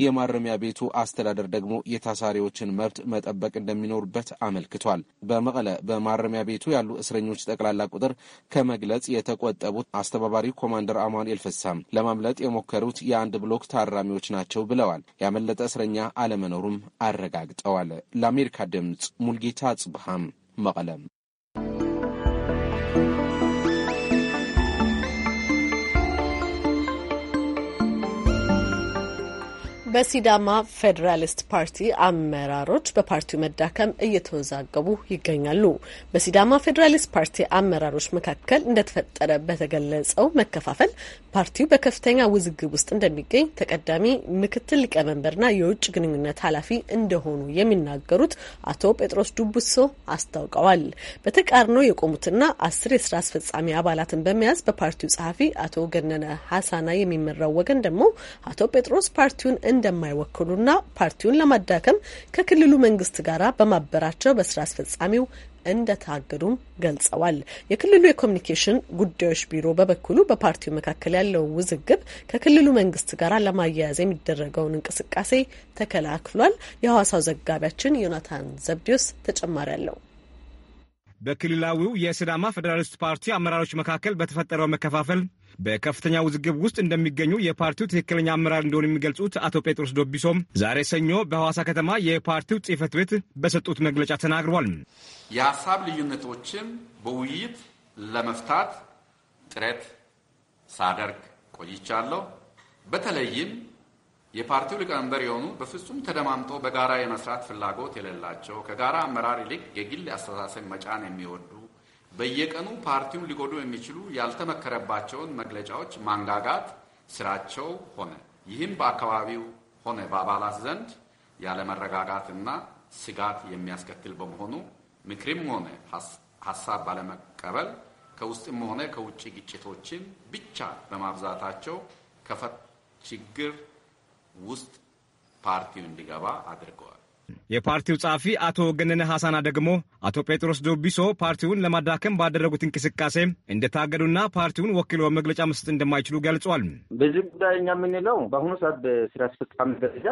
የማረሚያ ቤቱ አስተዳደር ደግሞ የታሳሪዎችን መብት መጠበቅ እንደሚኖሩበት አመልክቷል። በመቀለ በማረሚያ ቤቱ ያሉ እስረኞች ጠቅላላ ቁጥር ከመግለጽ የተቆጠቡት አስተባባሪ ኮማንደር አማኑኤል ፍሳም ለማምለጥ የሞከሩት የአንድ ብሎክ ታ ታራሚዎች ናቸው ብለዋል። ያመለጠ እስረኛ አለመኖሩም አረጋግጠዋል። ለአሜሪካ ድምፅ ሙልጌታ ጽብሃም መቀለም በሲዳማ ፌዴራሊስት ፓርቲ አመራሮች በፓርቲው መዳከም እየተወዛገቡ ይገኛሉ። በሲዳማ ፌዴራሊስት ፓርቲ አመራሮች መካከል እንደተፈጠረ በተገለጸው መከፋፈል ፓርቲው በከፍተኛ ውዝግብ ውስጥ እንደሚገኝ ተቀዳሚ ምክትል ሊቀመንበርና የውጭ ግንኙነት ኃላፊ እንደሆኑ የሚናገሩት አቶ ጴጥሮስ ዱቡሶ አስታውቀዋል። በተቃርኖ የቆሙትና አስር የስራ አስፈጻሚ አባላትን በመያዝ በፓርቲው ጸሐፊ አቶ ገነነ ሀሳና የሚመራው ወገን ደግሞ አቶ ጴጥሮስ ፓርቲውን እንደማይወክሉና ፓርቲውን ለማዳከም ከክልሉ መንግስት ጋር በማበራቸው በስራ አስፈጻሚው እንደታገዱም ገልጸዋል። የክልሉ የኮሚኒኬሽን ጉዳዮች ቢሮ በበኩሉ በፓርቲው መካከል ያለው ውዝግብ ከክልሉ መንግስት ጋር ለማያያዝ የሚደረገውን እንቅስቃሴ ተከላክሏል። የሐዋሳው ዘጋቢያችን ዮናታን ዘብዲዮስ ተጨማሪ አለው። በክልላዊው የስዳማ ፌዴራሊስት ፓርቲ አመራሮች መካከል በተፈጠረው መከፋፈል በከፍተኛ ውዝግብ ውስጥ እንደሚገኙ የፓርቲው ትክክለኛ አመራር እንደሆኑ የሚገልጹት አቶ ጴጥሮስ ዶቢሶም ዛሬ ሰኞ በሐዋሳ ከተማ የፓርቲው ጽህፈት ቤት በሰጡት መግለጫ ተናግሯል። የሀሳብ ልዩነቶችን በውይይት ለመፍታት ጥረት ሳደርግ ቆይቻለሁ። በተለይም የፓርቲው ሊቀመንበር የሆኑ በፍጹም ተደማምጦ በጋራ የመስራት ፍላጎት የሌላቸው ከጋራ አመራር ይልቅ የግል አስተሳሰብ መጫን የሚወዱ በየቀኑ ፓርቲውን ሊጎዱ የሚችሉ ያልተመከረባቸውን መግለጫዎች ማንጋጋት ስራቸው ሆነ። ይህም በአካባቢው ሆነ በአባላት ዘንድ ያለመረጋጋትና ስጋት የሚያስከትል በመሆኑ ምክርም ሆነ ሀሳብ ባለመቀበል ከውስጥም ሆነ ከውጭ ግጭቶችን ብቻ በማብዛታቸው ከፈት ችግር ውስጥ ፓርቲው እንዲገባ አድርገዋል። የፓርቲው ጸሐፊ አቶ ገነነ ሐሳና ደግሞ አቶ ጴጥሮስ ዶቢሶ ፓርቲውን ለማዳከም ባደረጉት እንቅስቃሴ እንደታገዱና ፓርቲውን ወኪሎ መግለጫ መስጠት እንደማይችሉ ገልጿል። በዚህ ጉዳይ እኛ የምንለው በአሁኑ ሰዓት በስራ አስፈጻሚ ደረጃ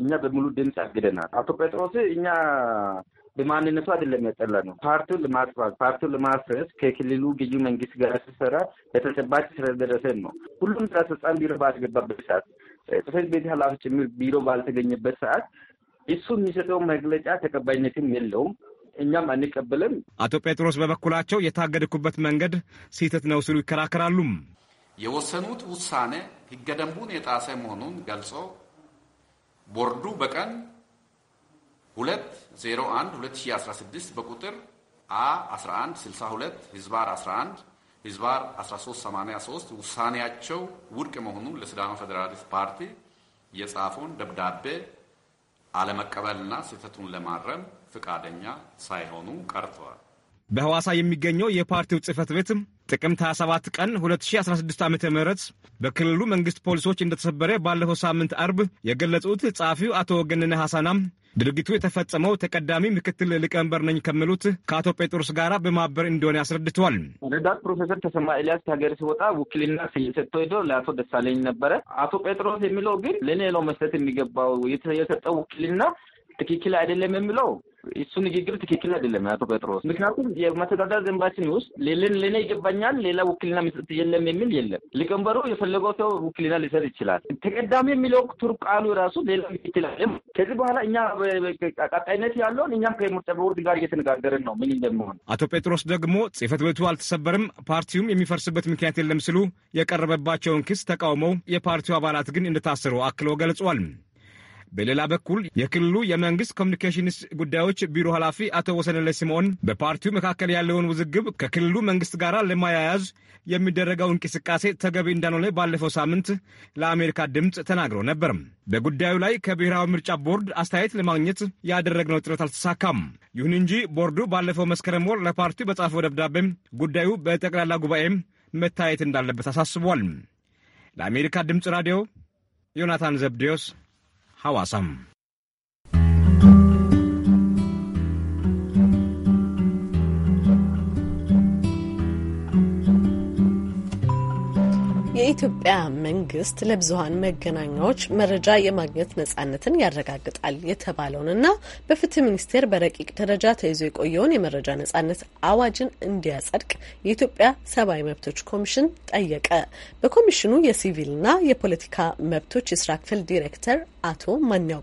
እኛ በሙሉ ድምፅ አግደናል። አቶ ጴጥሮስ እኛ በማንነቱ አይደለም ያጠላ ነው። ፓርቲውን ለማጥፋት ፓርቲውን ለማፍረስ ከክልሉ ግዩ መንግስት ጋር ሲሰራ በተጨባጭ ስለደረሰን ነው። ሁሉም ስራ አስፈጻሚ ቢሮ ባልገባበት ሰዓት ጽሕፈት ቤት ኃላፊ ጭምር ቢሮ ባልተገኘበት ሰዓት እሱ የሚሰጠው መግለጫ ተቀባይነትም የለውም። እኛም አንቀበልም። አቶ ጴጥሮስ በበኩላቸው የታገድኩበት መንገድ ስህተት ነው ሲሉ ይከራከራሉም። የወሰኑት ውሳኔ ህገ ደንቡን የጣሰ መሆኑን ገልጾ ቦርዱ በቀን 2012016 በቁጥር አ 11 62 ህዝባር 11 ህዝባር 1383 ውሳኔያቸው ውድቅ መሆኑን ለሲዳማ ፌዴራሊስት ፓርቲ የጻፈውን ደብዳቤ አለመቀበልና ስህተቱን ለማረም ፈቃደኛ ሳይሆኑ ቀርተዋል። በሐዋሳ የሚገኘው የፓርቲው ጽህፈት ቤትም ጥቅምት 27 ቀን 2016 ዓ ም በክልሉ መንግሥት ፖሊሶች እንደተሰበረ ባለፈው ሳምንት አርብ የገለጹት ጸሐፊው አቶ ወገንነ ሐሳናም ድርጊቱ የተፈጸመው ተቀዳሚ ምክትል ሊቀመንበር ነኝ ከሚሉት ከአቶ ጴጥሮስ ጋር በማበር እንደሆነ አስረድተዋል። ረዳት ፕሮፌሰር ተሰማ ኤልያስ ከሀገር ሲወጣ ውክልና ሰጥቶ ሄዶ ለአቶ ደሳለኝ ነበረ። አቶ ጴጥሮስ የሚለው ግን ለእኔ ነው መስጠት የሚገባው። የሰጠው ውክልና ትክክል አይደለም የሚለው እሱ ንግግር ትክክል አይደለም አቶ ጴጥሮስ። ምክንያቱም የመተዳደር ደንባችን ውስጥ ለእኔ ይገባኛል ሌላ ውክልና መስጠት የለም የሚል የለም። ሊቀመንበሩ የፈለገው ሰው ውክልና ሊሰጥ ይችላል። ተቀዳሚ የሚለው ቱር ቃሉ ራሱ ሌላ ይችላል። ከዚህ በኋላ እኛ ቀጣይነት ያለውን እኛ ከምርጫ ቦርድ ጋር እየተነጋገርን ነው ምን እንደሚሆን። አቶ ጴጥሮስ ደግሞ ጽህፈት ቤቱ አልተሰበርም፣ ፓርቲውም የሚፈርስበት ምክንያት የለም ሲሉ የቀረበባቸውን ክስ ተቃውመው የፓርቲው አባላት ግን እንደታሰሩ አክለው ገልጿል። በሌላ በኩል የክልሉ የመንግስት ኮሚኒኬሽንስ ጉዳዮች ቢሮ ኃላፊ አቶ ወሰነለ ሲሞን በፓርቲው መካከል ያለውን ውዝግብ ከክልሉ መንግስት ጋር ለማያያዝ የሚደረገው እንቅስቃሴ ተገቢ እንዳልሆነ ባለፈው ሳምንት ለአሜሪካ ድምፅ ተናግረው ነበር። በጉዳዩ ላይ ከብሔራዊ ምርጫ ቦርድ አስተያየት ለማግኘት ያደረግነው ጥረት አልተሳካም። ይሁን እንጂ ቦርዱ ባለፈው መስከረም ወር ለፓርቲው በጻፈው ደብዳቤ ጉዳዩ በጠቅላላ ጉባኤም መታየት እንዳለበት አሳስቧል። ለአሜሪካ ድምፅ ራዲዮ ዮናታን ዘብዴዎስ 哈话森。የኢትዮጵያ መንግስት ለብዙሀን መገናኛዎች መረጃ የማግኘት ነጻነትን ያረጋግጣል የተባለውንና በፍትህ ሚኒስቴር በረቂቅ ደረጃ ተይዞ የቆየውን የመረጃ ነጻነት አዋጅን እንዲያጸድቅ የኢትዮጵያ ሰብአዊ መብቶች ኮሚሽን ጠየቀ። በኮሚሽኑ የሲቪልና የፖለቲካ መብቶች የስራ ክፍል ዲሬክተር አቶ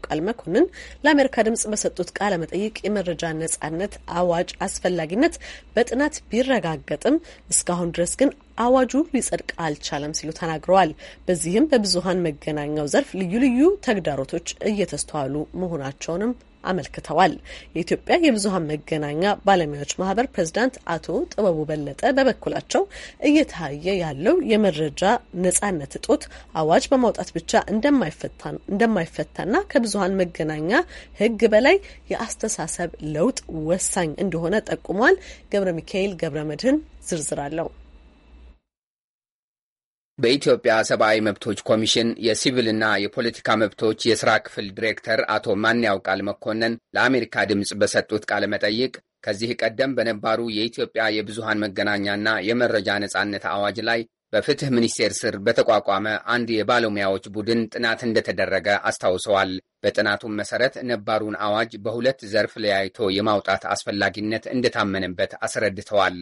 ቃል መኮንን ለአሜሪካ ድምጽ በሰጡት ቃለ መጠይቅ የመረጃ ነጻነት አዋጅ አስፈላጊነት በጥናት ቢረጋገጥም እስካሁን ድረስ ግን አዋጁ ሊጸድቅ አልቻለም ሲሉ ተናግረዋል። በዚህም በብዙሀን መገናኛው ዘርፍ ልዩ ልዩ ተግዳሮቶች እየተስተዋሉ መሆናቸውንም አመልክተዋል። የኢትዮጵያ የብዙሀን መገናኛ ባለሙያዎች ማህበር ፕሬዚዳንት አቶ ጥበቡ በለጠ በበኩላቸው እየታየ ያለው የመረጃ ነጻነት እጦት አዋጅ በማውጣት ብቻ እንደማይፈታና ከብዙሀን መገናኛ ሕግ በላይ የአስተሳሰብ ለውጥ ወሳኝ እንደሆነ ጠቁሟል። ገብረ ሚካኤል ገብረ መድህን ዝርዝር አለው። በኢትዮጵያ ሰብአዊ መብቶች ኮሚሽን የሲቪልና የፖለቲካ መብቶች የሥራ ክፍል ዲሬክተር አቶ ቃል መኮንን ለአሜሪካ ድምፅ በሰጡት ቃለ መጠይቅ ከዚህ ቀደም በነባሩ የኢትዮጵያ የብዙሃን መገናኛና የመረጃ ነጻነት አዋጅ ላይ በፍትህ ሚኒስቴር ስር በተቋቋመ አንድ የባለሙያዎች ቡድን ጥናት እንደተደረገ አስታውሰዋል። በጥናቱም መሰረት ነባሩን አዋጅ በሁለት ዘርፍ ለያይቶ የማውጣት አስፈላጊነት እንደታመነበት አስረድተዋል።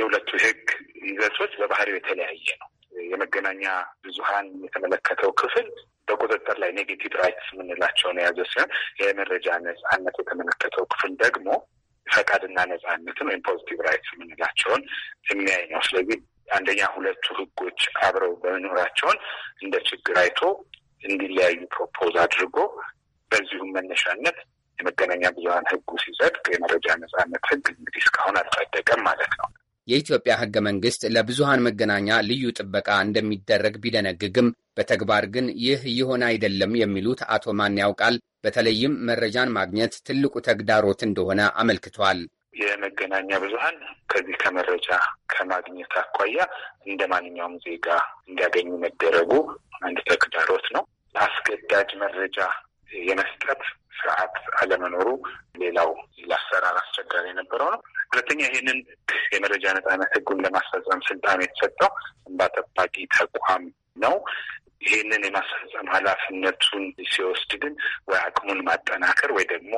የሁለቱ ህግ ይዘቶች በባህሪው የተለያየ ነው። የመገናኛ ብዙሀን የተመለከተው ክፍል በቁጥጥር ላይ ኔጌቲቭ ራይትስ የምንላቸውን የያዘ ሲሆን የመረጃ ነጻነት የተመለከተው ክፍል ደግሞ ፈቃድና ነጻነትን ወይም ፖዚቲቭ ራይትስ የምንላቸውን የሚያይ ነው። ስለዚህ አንደኛ ሁለቱ ህጎች አብረው በመኖራቸውን እንደ ችግር አይቶ እንዲለያዩ ፕሮፖዝ አድርጎ በዚሁም መነሻነት የመገናኛ ብዙሀን ህጉ ሲጸድቅ የመረጃ ነጻነት ህግ እንግዲህ እስካሁን አልጸደቀም ማለት ነው። የኢትዮጵያ ህገ መንግስት ለብዙሃን መገናኛ ልዩ ጥበቃ እንደሚደረግ ቢደነግግም በተግባር ግን ይህ ይሆን አይደለም የሚሉት አቶ ማን ያውቃል በተለይም መረጃን ማግኘት ትልቁ ተግዳሮት እንደሆነ አመልክቷል። የመገናኛ ብዙሀን ከዚህ ከመረጃ ከማግኘት አኳያ እንደ ማንኛውም ዜጋ እንዲያገኙ መደረጉ አንድ ተግዳሮት ነው። አስገዳጅ መረጃ የመስጠት ስርዓት አለመኖሩ ሌላው ለአሰራር አስቸጋሪ የነበረው ነው። ሁለተኛ ይህንን የመረጃ ነጻነት ህጉን ለማስፈጸም ስልጣን የተሰጠው እንባ ጠባቂ ተቋም ነው። ይህንን የማስፈጸም ኃላፊነቱን ሲወስድ ግን ወይ አቅሙን ማጠናከር ወይ ደግሞ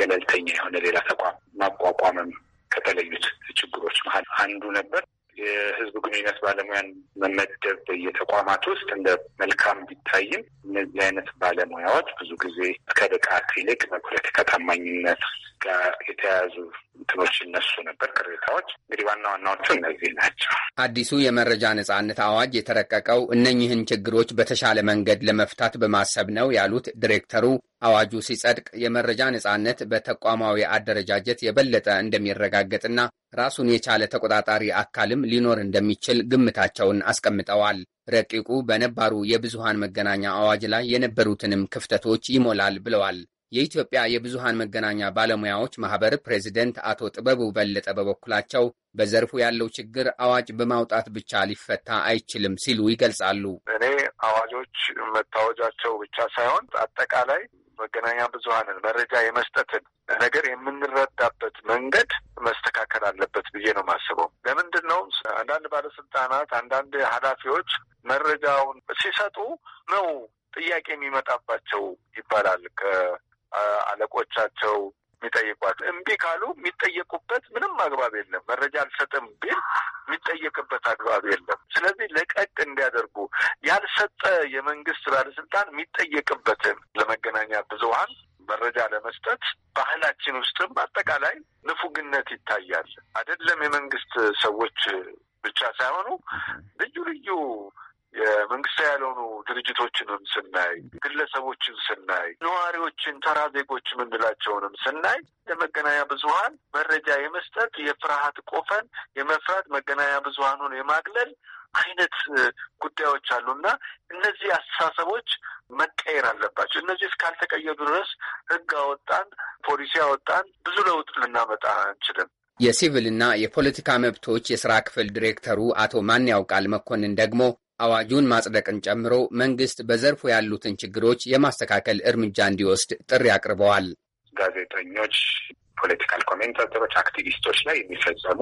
ገለልተኛ የሆነ ሌላ ተቋም ማቋቋምም ከተለዩት ችግሮች መሀል አንዱ ነበር። የህዝብ ግንኙነት ባለሙያን መመደብ በየተቋማት ውስጥ እንደ መልካም ቢታይም እነዚህ አይነት ባለሙያዎች ብዙ ጊዜ ከብቃት ይልቅ በፖለቲካ ታማኝነት ጋር የተያያዙ እንትኖች ይነሱ ነበር፣ ቅሬታዎች። እንግዲህ ዋና ዋናዎቹ እነዚህ ናቸው። አዲሱ የመረጃ ነጻነት አዋጅ የተረቀቀው እነኚህን ችግሮች በተሻለ መንገድ ለመፍታት በማሰብ ነው ያሉት ዲሬክተሩ አዋጁ ሲጸድቅ የመረጃ ነጻነት በተቋማዊ አደረጃጀት የበለጠ እንደሚረጋገጥና ራሱን የቻለ ተቆጣጣሪ አካልም ሊኖር እንደሚችል ግምታቸውን አስቀምጠዋል። ረቂቁ በነባሩ የብዙሃን መገናኛ አዋጅ ላይ የነበሩትንም ክፍተቶች ይሞላል ብለዋል። የኢትዮጵያ የብዙሃን መገናኛ ባለሙያዎች ማህበር ፕሬዚደንት አቶ ጥበቡ በለጠ በበኩላቸው በዘርፉ ያለው ችግር አዋጅ በማውጣት ብቻ ሊፈታ አይችልም ሲሉ ይገልጻሉ። እኔ አዋጆች መታወጃቸው ብቻ ሳይሆን አጠቃላይ መገናኛ ብዙሀንን መረጃ የመስጠትን ነገር የምንረዳበት መንገድ መስተካከል አለበት ብዬ ነው የማስበው። ለምንድን ነው አንዳንድ ባለስልጣናት፣ አንዳንድ ኃላፊዎች መረጃውን ሲሰጡ ነው ጥያቄ የሚመጣባቸው ይባላል ከአለቆቻቸው የሚጠይቋት እምቢ ካሉ የሚጠየቁበት ምንም አግባብ የለም። መረጃ አልሰጥም ቢል የሚጠየቅበት አግባብ የለም። ስለዚህ ለቀቅ እንዲያደርጉ ያልሰጠ የመንግስት ባለስልጣን የሚጠየቅበትን ለመገናኛ ብዙሀን መረጃ ለመስጠት ባህላችን ውስጥም አጠቃላይ ንፉግነት ይታያል። አይደለም የመንግስት ሰዎች ብቻ ሳይሆኑ ልዩ ልዩ የመንግስታዊ ያልሆኑ ድርጅቶችንም ስናይ፣ ግለሰቦችን ስናይ፣ ነዋሪዎችን ተራ ዜጎች የምንላቸውንም ስናይ ለመገናኛ ብዙሀን መረጃ የመስጠት የፍርሃት ቆፈን የመፍራት መገናኛ ብዙሀኑን የማግለል አይነት ጉዳዮች አሉና እነዚህ አስተሳሰቦች መቀየር አለባቸው። እነዚህ እስካልተቀየሩ ድረስ ህግ አወጣን፣ ፖሊሲ አወጣን፣ ብዙ ለውጥ ልናመጣ አንችልም። የሲቪልና የፖለቲካ መብቶች የስራ ክፍል ዲሬክተሩ አቶ ማን ያውቃል መኮንን ደግሞ አዋጁን ማጽደቅን ጨምሮ መንግስት በዘርፉ ያሉትን ችግሮች የማስተካከል እርምጃ እንዲወስድ ጥሪ አቅርበዋል። ጋዜጠኞች፣ ፖለቲካል ኮሜንታተሮች፣ አክቲቪስቶች ላይ የሚፈጸሙ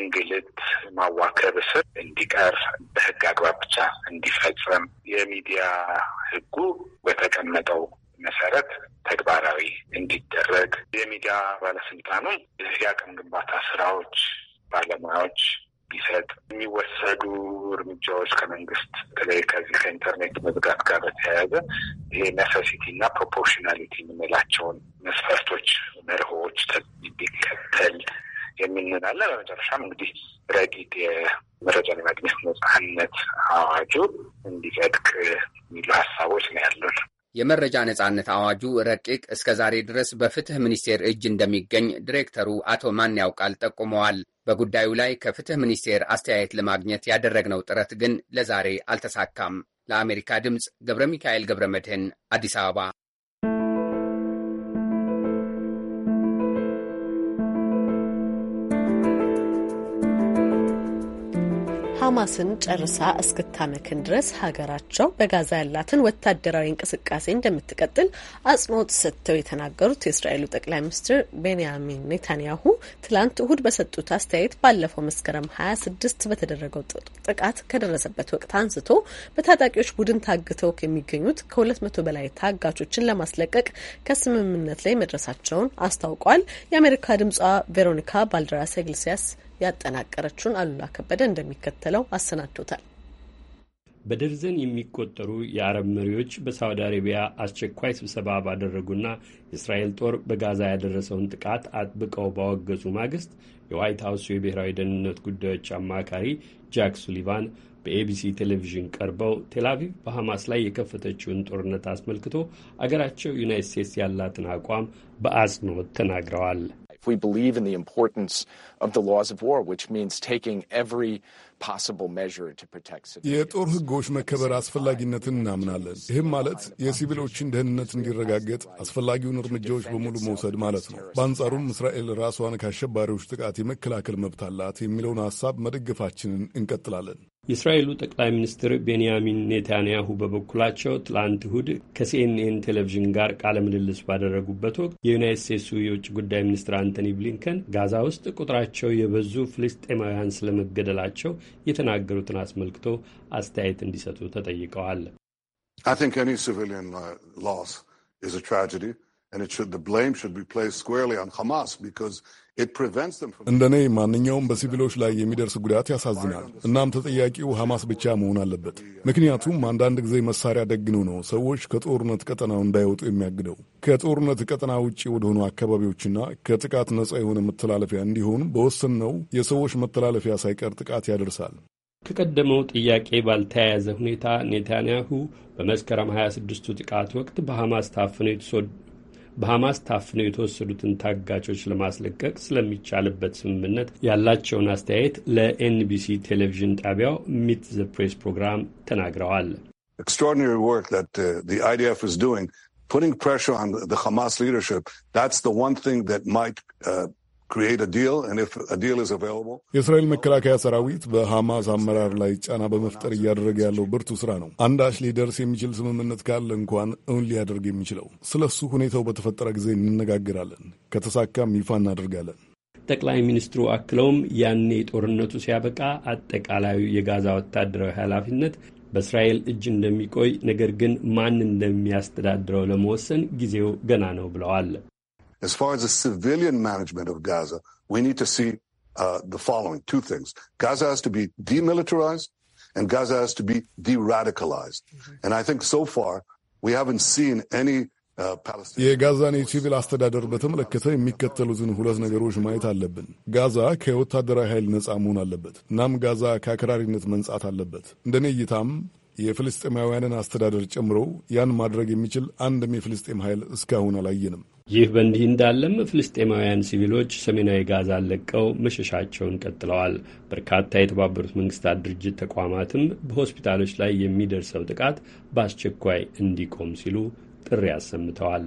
እንግልት፣ ማዋከብ፣ እስር እንዲቀር በህግ አግባብ ብቻ እንዲፈጸም የሚዲያ ህጉ በተቀመጠው መሰረት ተግባራዊ እንዲደረግ የሚዲያ ባለስልጣኑ የአቅም ግንባታ ስራዎች ባለሙያዎች ቢሰጥ የሚወሰዱ እርምጃዎች ከመንግስት በተለይ ከዚህ ከኢንተርኔት መዝጋት ጋር በተያያዘ ይሄ ነሰሲቲ እና ፕሮፖርሽናሊቲ የምንላቸውን መስፈርቶች፣ መርሆዎች ቢከተል የምንናለ በመጨረሻም እንግዲህ ረቂቅ የመረጃን የማግኘት ነጻነት አዋጁ እንዲጸድቅ የሚሉ ሀሳቦች ነው ያሉት። የመረጃ ነጻነት አዋጁ ረቂቅ እስከ ዛሬ ድረስ በፍትህ ሚኒስቴር እጅ እንደሚገኝ ዲሬክተሩ አቶ ማን ያውቃል ጠቁመዋል። በጉዳዩ ላይ ከፍትህ ሚኒስቴር አስተያየት ለማግኘት ያደረግነው ጥረት ግን ለዛሬ አልተሳካም። ለአሜሪካ ድምፅ ገብረ ሚካኤል ገብረ መድህን አዲስ አበባ ሐማስን ጨርሳ እስክታመክን ድረስ ሀገራቸው በጋዛ ያላትን ወታደራዊ እንቅስቃሴ እንደምትቀጥል አጽንኦት ሰጥተው የተናገሩት የእስራኤሉ ጠቅላይ ሚኒስትር ቤንያሚን ኔታንያሁ ትላንት እሁድ በሰጡት አስተያየት ባለፈው መስከረም 26 በተደረገው ጥቃት ከደረሰበት ወቅት አንስቶ በታጣቂዎች ቡድን ታግተው የሚገኙት ከ200 በላይ ታጋቾችን ለማስለቀቅ ከስምምነት ላይ መድረሳቸውን አስታውቋል። የአሜሪካ ድምጿ ቬሮኒካ ባልደራስ ኢግሌሲያስ ያጠናቀረችውን አሉላ ከበደ እንደሚከተለው አሰናድቶታል። በደርዘን የሚቆጠሩ የአረብ መሪዎች በሳውዲ አረቢያ አስቸኳይ ስብሰባ ባደረጉና የእስራኤል ጦር በጋዛ ያደረሰውን ጥቃት አጥብቀው ባወገዙ ማግስት የዋይት ሀውሱ የብሔራዊ ደህንነት ጉዳዮች አማካሪ ጃክ ሱሊቫን በኤቢሲ ቴሌቪዥን ቀርበው ቴላቪቭ በሐማስ ላይ የከፈተችውን ጦርነት አስመልክቶ አገራቸው ዩናይት ስቴትስ ያላትን አቋም በአጽንኦት ተናግረዋል። We believe in the importance of the laws of war, which means taking every የጦር ሕጎች መከበር አስፈላጊነትን እናምናለን። ይህም ማለት የሲቪሎችን ደህንነት እንዲረጋገጥ አስፈላጊውን እርምጃዎች በሙሉ መውሰድ ማለት ነው። በአንጻሩም እስራኤል ራሷን ከአሸባሪዎች ጥቃት የመከላከል መብት አላት የሚለውን ሐሳብ መደገፋችንን እንቀጥላለን። የእስራኤሉ ጠቅላይ ሚኒስትር ቤንያሚን ኔታንያሁ በበኩላቸው ትላንት እሁድ ከሲኤንኤን ቴሌቪዥን ጋር ቃለ ምልልስ ባደረጉበት ወቅት የዩናይት ስቴትሱ የውጭ ጉዳይ ሚኒስትር አንቶኒ ብሊንከን ጋዛ ውስጥ ቁጥራቸው የበዙ ፍልስጤማውያን ስለመገደላቸው የተናገሩትን አስመልክቶ አስተያየት እንዲሰጡ ተጠይቀዋል። እንደ እኔ ማንኛውም በሲቪሎች ላይ የሚደርስ ጉዳት ያሳዝናል። እናም ተጠያቂው ሐማስ ብቻ መሆን አለበት። ምክንያቱም አንዳንድ ጊዜ መሳሪያ ደግኖ ነው ሰዎች ከጦርነት ቀጠናው እንዳይወጡ የሚያግደው። ከጦርነት ቀጠና ውጭ ወደሆኑ አካባቢዎችና ከጥቃት ነጻ የሆነ መተላለፊያ እንዲሆን በወሰንነው የሰዎች መተላለፊያ ሳይቀር ጥቃት ያደርሳል። ከቀደመው ጥያቄ ባልተያያዘ ሁኔታ ኔታንያሁ በመስከረም 26ቱ ጥቃት ወቅት በሐማስ ታፍነው በሐማስ ታፍነው የተወሰዱትን ታጋቾች ለማስለቀቅ ስለሚቻልበት ስምምነት ያላቸውን አስተያየት ለኤንቢሲ ቴሌቪዥን ጣቢያው ሚት ዘ ፕሬስ ፕሮግራም ተናግረዋል። ፕሪንግ ፕሬሽር ኦን ሐማስ ሊደርሽፕ የእስራኤል መከላከያ ሰራዊት በሐማስ አመራር ላይ ጫና በመፍጠር እያደረገ ያለው ብርቱ ስራ ነው። አንዳች ሊደርስ የሚችል ስምምነት ካለ እንኳን እውን ሊያደርግ የሚችለው ስለ እሱ ሁኔታው በተፈጠረ ጊዜ እንነጋግራለን። ከተሳካም ይፋ እናደርጋለን። ጠቅላይ ሚኒስትሩ አክለውም ያኔ ጦርነቱ ሲያበቃ አጠቃላዩ የጋዛ ወታደራዊ ኃላፊነት በእስራኤል እጅ እንደሚቆይ ነገር ግን ማን እንደሚያስተዳድረው ለመወሰን ጊዜው ገና ነው ብለዋል። As far as the civilian management of Gaza, we need to see uh, the following two things. Gaza has to be demilitarized and Gaza has to be de radicalized. Mm-hmm. And I think so far we haven't seen any uh, የጋዛን የሲቪል አስተዳደር በተመለከተ የሚከተሉትን ሁለት ነገሮች ማየት አለብን። ጋዛ ከወታደራዊ ኃይል ነፃ መሆን አለበት። እናም ጋዛ ከአክራሪነት መንጻት አለበት። እንደኔ እይታም የፍልስጤማውያንን አስተዳደር ጨምሮ ያን ማድረግ የሚችል አንድም የፍልስጤም ኃይል እስካሁን አላየንም። ይህ በእንዲህ እንዳለም ፍልስጤማውያን ሲቪሎች ሰሜናዊ ጋዛን ለቀው መሸሻቸውን ቀጥለዋል። በርካታ የተባበሩት መንግስታት ድርጅት ተቋማትም በሆስፒታሎች ላይ የሚደርሰው ጥቃት በአስቸኳይ እንዲቆም ሲሉ ጥሪ አሰምተዋል።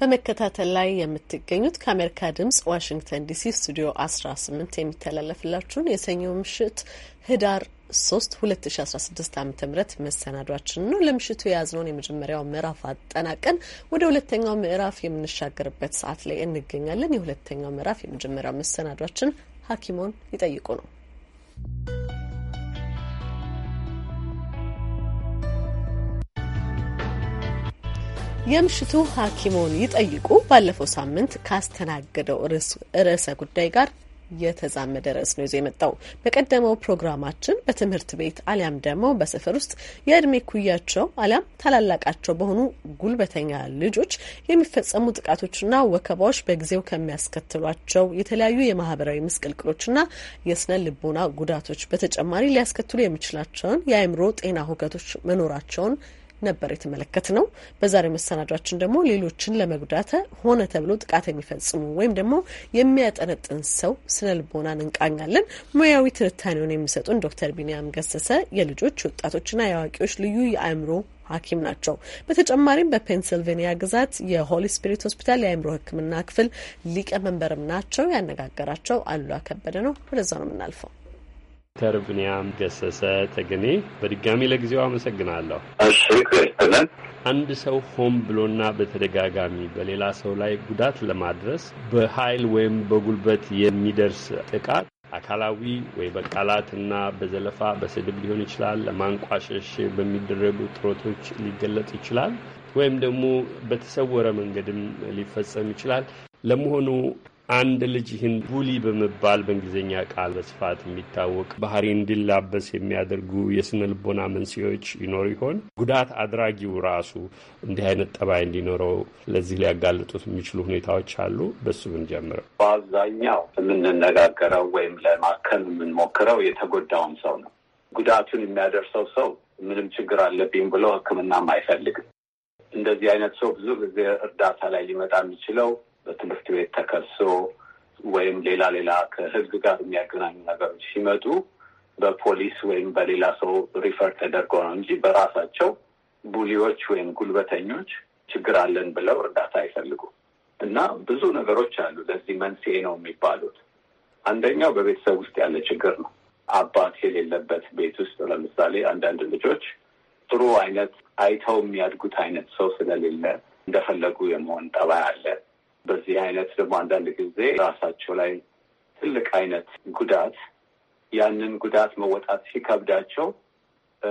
በመከታተል ላይ የምትገኙት ከአሜሪካ ድምጽ ዋሽንግተን ዲሲ ስቱዲዮ 18 የሚተላለፍላችሁን የሰኞ ምሽት ህዳር 3 2016 ዓ ም መሰናዷችን ነው። ለምሽቱ የያዝነውን የመጀመሪያው ምዕራፍ አጠናቀን ወደ ሁለተኛው ምዕራፍ የምንሻገርበት ሰዓት ላይ እንገኛለን። የሁለተኛው ምዕራፍ የመጀመሪያው መሰናዷችን ሐኪሞን ይጠይቁ ነው። የምሽቱ ሐኪሞን ይጠይቁ ባለፈው ሳምንት ካስተናገደው ርዕሰ ጉዳይ ጋር የተዛመደ ርዕስ ነው ይዞ የመጣው። በቀደመው ፕሮግራማችን በትምህርት ቤት አሊያም ደግሞ በሰፈር ውስጥ የእድሜ ኩያቸው አሊያም ታላላቃቸው በሆኑ ጉልበተኛ ልጆች የሚፈጸሙ ጥቃቶችና ወከባዎች በጊዜው ከሚያስከትሏቸው የተለያዩ የማህበራዊ ምስቅልቅሎችና የስነ ልቦና ጉዳቶች በተጨማሪ ሊያስከትሉ የሚችላቸውን የአእምሮ ጤና ሁከቶች መኖራቸውን ነበር የተመለከት ነው። በዛሬ መሰናዷችን ደግሞ ሌሎችን ለመጉዳት ሆነ ተብሎ ጥቃት የሚፈጽሙ ወይም ደግሞ የሚያጠነጥን ሰው ስነ ልቦናን እንቃኛለን። ሙያዊ ትንታኔውን የሚሰጡን ዶክተር ቢንያም ገሰሰ የልጆች ወጣቶችና የአዋቂዎች ልዩ የአእምሮ ሐኪም ናቸው። በተጨማሪም በፔንስልቬኒያ ግዛት የሆሊ ስፒሪት ሆስፒታል የአእምሮ ሕክምና ክፍል ሊቀመንበርም ናቸው። ያነጋገራቸው አሉላ ከበደ ነው። ወደዛ ነው የምናልፈው። ዶክተር ብንያም ገሰሰ ተገኔ በድጋሚ ለጊዜው አመሰግናለሁ። አንድ ሰው ሆን ብሎና በተደጋጋሚ በሌላ ሰው ላይ ጉዳት ለማድረስ በኃይል ወይም በጉልበት የሚደርስ ጥቃት አካላዊ ወይ በቃላትና በዘለፋ በስድብ ሊሆን ይችላል። ለማንቋሸሽ በሚደረጉ ጥረቶች ሊገለጽ ይችላል፣ ወይም ደግሞ በተሰወረ መንገድም ሊፈጸም ይችላል። ለመሆኑ አንድ ልጅ ይህን ቡሊ በመባል በእንግሊዝኛ ቃል በስፋት የሚታወቅ ባህሪ እንዲላበስ የሚያደርጉ የስነ ልቦና መንስኤዎች ይኖሩ ይሆን? ጉዳት አድራጊው ራሱ እንዲህ አይነት ጠባይ እንዲኖረው ለዚህ ሊያጋልጡት የሚችሉ ሁኔታዎች አሉ። በሱ ብንጀምረው። በአብዛኛው የምንነጋገረው ወይም ለማከም የምንሞክረው የተጎዳውን ሰው ነው። ጉዳቱን የሚያደርሰው ሰው ምንም ችግር አለብኝ ብሎ ሕክምናም አይፈልግም። እንደዚህ አይነት ሰው ብዙ ጊዜ እርዳታ ላይ ሊመጣ የሚችለው በትምህርት ቤት ተከሶ ወይም ሌላ ሌላ ከህግ ጋር የሚያገናኙ ነገሮች ሲመጡ በፖሊስ ወይም በሌላ ሰው ሪፈር ተደርጎ ነው እንጂ በራሳቸው ቡሊዎች ወይም ጉልበተኞች ችግር አለን ብለው እርዳታ አይፈልጉም። እና ብዙ ነገሮች አሉ ለዚህ መንስኤ ነው የሚባሉት። አንደኛው በቤተሰብ ውስጥ ያለ ችግር ነው። አባት የሌለበት ቤት ውስጥ ለምሳሌ አንዳንድ ልጆች ጥሩ አይነት አይተው የሚያድጉት አይነት ሰው ስለሌለ እንደፈለጉ የመሆን ጠባይ አለ። በዚህ አይነት ደግሞ አንዳንድ ጊዜ ራሳቸው ላይ ትልቅ አይነት ጉዳት ያንን ጉዳት መወጣት ሲከብዳቸው